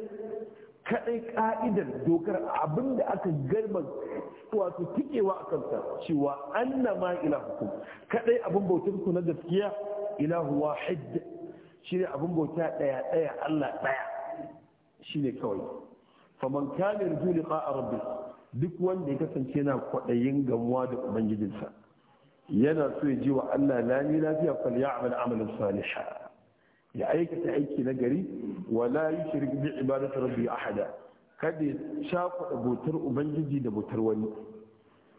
kadai ka'idar dokar abinda aka garba wato tikewa a kansa cewa annama ilahukum kadai abin bautar ku na gaskiya ilahu wahid shine abin bauta daya daya Allah daya shine kawai faman kana yarju liqa'a rabbi duk wanda ya kasance yana kwadayin gamuwa da ubangijinsa yana so ya ji wa Allah lami lafiya fal ya'mal amalan salihah ya aikata aiki na gari wala yushrik bi ibadati rabbi ahada kada ya shakuɗa bautar ubangiji da bautar wani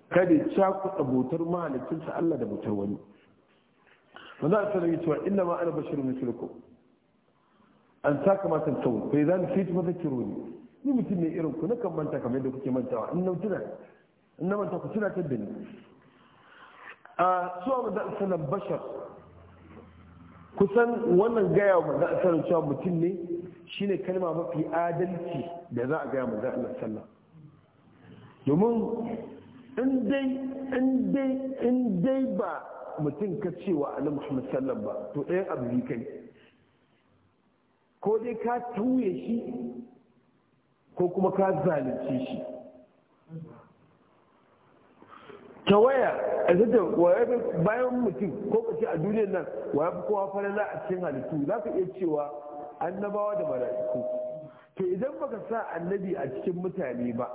kada ya shakuɗa bautar mahalicinsa Allah da bautar wani manzo a sanar cewa inna ma ana bashirun mislukum an saka matan tawon fa idan fi ta zakiru ne ni mutum ne irin ku na kan manta kamar yadda kuke mantawa in na tuna in na manta ku tuna ta da ni a suwa manzo a sanar bashar kusan wannan gaya wa manzo Allah cewa mutum ne shine kalma mafi adalci da za a gaya manzo a sallallahu domin in dai ba mutum ka cewa Ali Muhammad sallallahu ba to ɗayan abu kai ko dai ka tuye shi ko kuma ka zalunce shi Ta waya a zata waya bayan mutum ko kace a duniyar nan waya fi kowa na a cikin halittu za ka iya cewa annabawa da mala'iku to idan baka sa annabi a cikin mutane ba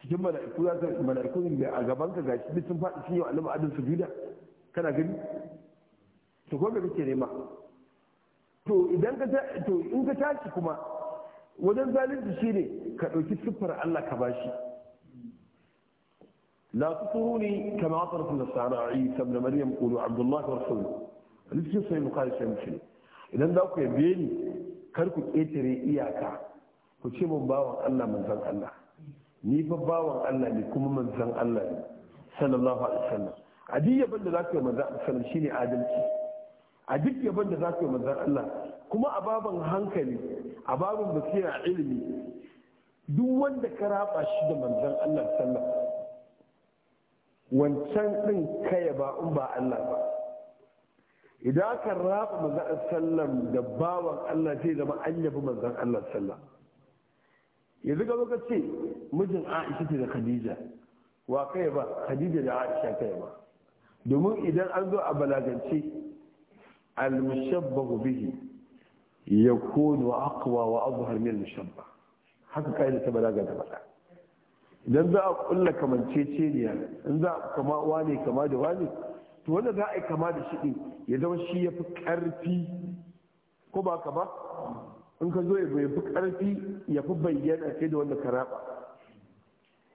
cikin mala'iku za ka mala'iku ne a gaban ka gashi duk sun faɗi cikin annabi su juda kana gani to ko me kake nema to idan ka to in ka tashi kuma wajen zalunci shine ka ɗauki siffar Allah ka bashi لا تطروني كما من النصارى عيسى ابن مريم قولوا عبد الله ورسوله hadisi cikin sahih bukhari sai muslim idan za ku yabe ni kar ku ketare iyaka ku ce mun bawan Allah manzon Allah ni fa bawan Allah ne kuma manzon Allah ne sallallahu alaihi wasallam a duk da za ku yi a duk za ku yi mazan Allah kuma a babin hankali a babin basira ilimi duk wanda ka raba shi da manzon Allah sallallahu wancan ɗin kaya ba in ba Allah ba idan aka raba manzan sallam da bawan Allah zai zama an yabi manzan Allah sallam yanzu ga ka ce mijin Aisha ce da Khadija wa kai ba Khadija da Aisha kai ba domin idan an zo a balagance al-mushabbahu bihi yakunu aqwa wa azhar min al haka kai da ta balaga da balaga idan za a kulla kamanceceniya in za a kama wane kama da wane to wanda za a yi kama da shi ɗin ya zama shi ya fi karfi. ko ba ka ba in ka zo ya fi karfi ya fi bayyana sai da wanda ka raba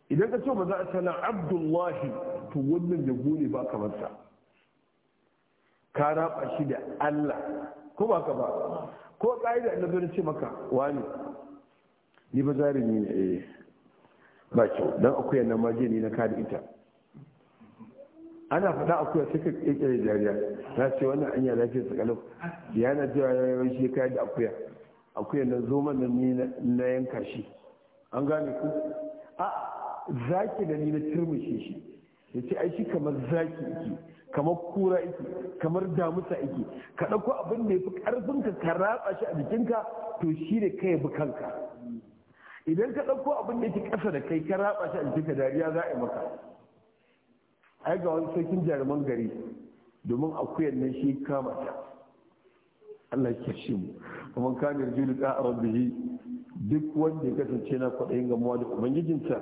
idan ka so ba za a sana abdullahi to wannan da gune ba kamar sa ka raba shi da allah ko ba ka ba ko ƙa'ida na ce maka wani ni ba zarumi ne eh ba kyau don akuya na maje ne na kada ita ana faɗa akuya sai ka ƙirƙire jariya ta ce wannan anya lafiya su kalau yana ya yayin shi kayan da akuya akuya na zo mana ni na yanka shi an gane ku a zaki da ni na turmushe shi ya ce ai shi kamar zaki yake kamar kura iki kamar damusa iki ka ɗauko abin da ya fi ƙarfinka ka ratsa shi a jikinka to shi ne kai bi kanka idan ka ɗauko abin da yake ƙasa da kai ka raba shi a jikin dariya za a yi maka ai ga wani sarkin jaruman gari domin akuyan nan shi kama ta Allah ya kashe mu kuma kan yarju liqa rabbihi duk wanda ya kasance na kwaɗayin gamuwa da ubangijinta,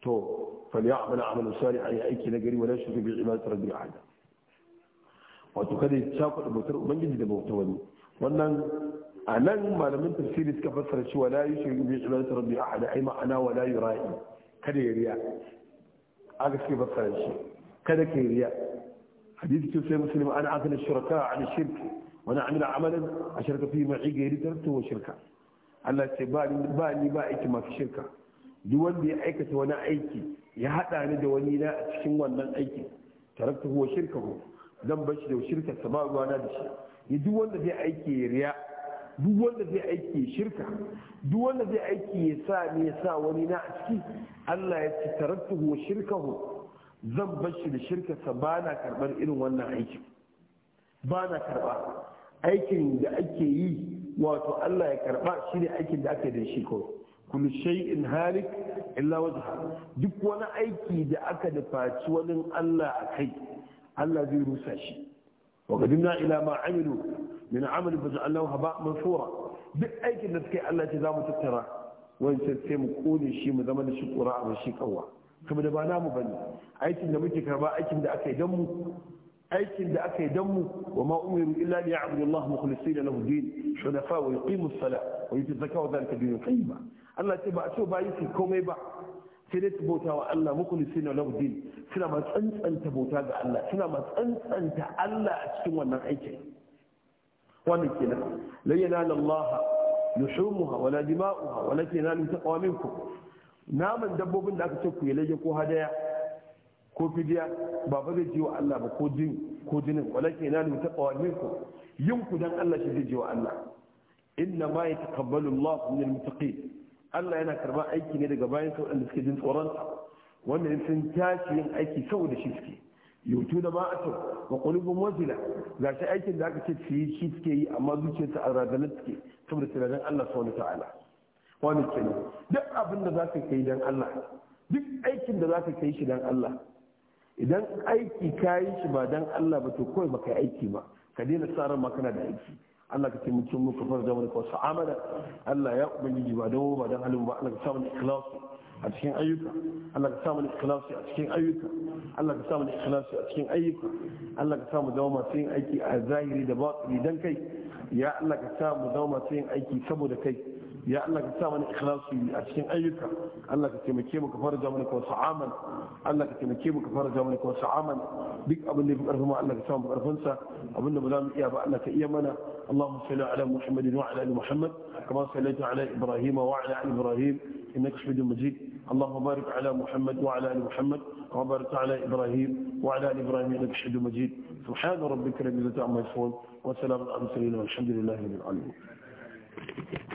to na amal salih yi aiki na gari wala shirku bi ibadati rabbi ala. wato kada ya cakuɗa bautar ubangiji da bautar wani wannan a nan malamin tafsiri suka fassara cewa la yi shirin bi ibadatu rabbi ahada ai ma'ana wa la yura'i kada ya riya aka suke fassara shi kada ka yi riya hadisi ce sai muslim ana akala shuraka ala shirk wa na amila amalan ashraka fi ma'i ghairi tartu wa shirka Allah ce ba ni ba ni ba aiki masu shirka duk wanda ya aikata wani aiki ya hada ni da wani na a cikin wannan aikin taraktu wa shirkahu zan bar shi da shirka ta ba na da shi duk wanda zai aiki ya riya duk wanda zai aiki shirka duk wanda zai aiki ya sa ne ya sa wani na a ciki Allah ya ci shirka shirkahu zan bar shi da shirkarsa ba na karɓar irin wannan aiki ba na karɓa aikin da ake yi wato Allah ya karɓa shi ne aikin da ake da shi ko kullu shay'in halik illa wajha duk wani aiki da aka da faci wani Allah a kai Allah zai rusa shi wa qadimna ila ma amilu من عمل فجعلناه هباء منثورا بأي كنت كي الله تزام تترى وين تتسيم كل شيء مزمن الشكورة على الشيء قوة كما نبانا مبني أي كنت نبتك هباء أي كنت أكا يدم أي كنت أكا يدم وما أمر إلا ليعبد الله مخلصين له الدين شنفاء ويقيم الصلاة ويتزكى ذلك دين قيمة الله تبع شو بايس الكومي بع سيدت بوتا الله مخلصين له الدين سنما تنس أنت بوتا الله سنما تنس أنت الله أتسوى النعيكي wannan kenan la yanala Allah yushumuha wala dima'uha wala yanalu taqwa minkum naman dabbobin da aka ce ku yalaje ko hadaya ko fidiya ba fa zai jiwa Allah ba ko jin ko jinin wala yanalu taqwa minkum yin ku dan Allah shi zai jiwa Allah inna ma yataqabbalu Allah min almuttaqin Allah yana karba aiki ne daga bayan sau da suke jin tsoron wannan sun tashi yin aiki saboda shi suke yutu da ba a tau wa kulubun wazila ga shi aikin da aka ce su yi shi suke yi amma zuciyarsa a razana suke saboda tunanin Allah sau da ta'ala wani kenan duk abin da za ka kai don Allah duk aikin da za ka kai shi don Allah idan aiki ka yi shi ba don Allah ba to kawai ba ka yi aiki ba ka daina sa ran ma kana da aiki Allah ka taimake mu ka farza kawai su amana Allah ya ubangiji ba don ba don halin ba Allah ka samu ikhlasi a cikin ayyuka Allah ka samu ikhlasi a cikin ayyuka Allah ka samu ikhlasi a cikin ayyuka Allah ka samu zama masu yin aiki a zahiri da batini dan kai ya Allah ka samu zama masu yin aiki saboda kai ya Allah ka sa mana ikhlasi a cikin ayyuka Allah ka taimake mu ka farja mana ko sa'aman Allah ka taimake mu ka farja mana ko sa'aman duk abin da ya karfin mu Allah ka samu mu karfin sa abin da ba za mu iya ba Allah ka iya mana اللهم صل على محمد وعلى ال محمد كما صليت على ابراهيم وعلى ال ابراهيم انك حميد مجيد اللهم بارك على محمد وعلى آل محمد وبارك على إبراهيم وعلى آل إبراهيم إنك حميد مجيد سبحان ربك رب العزة عما يصفون وسلام على المرسلين والحمد لله رب العالمين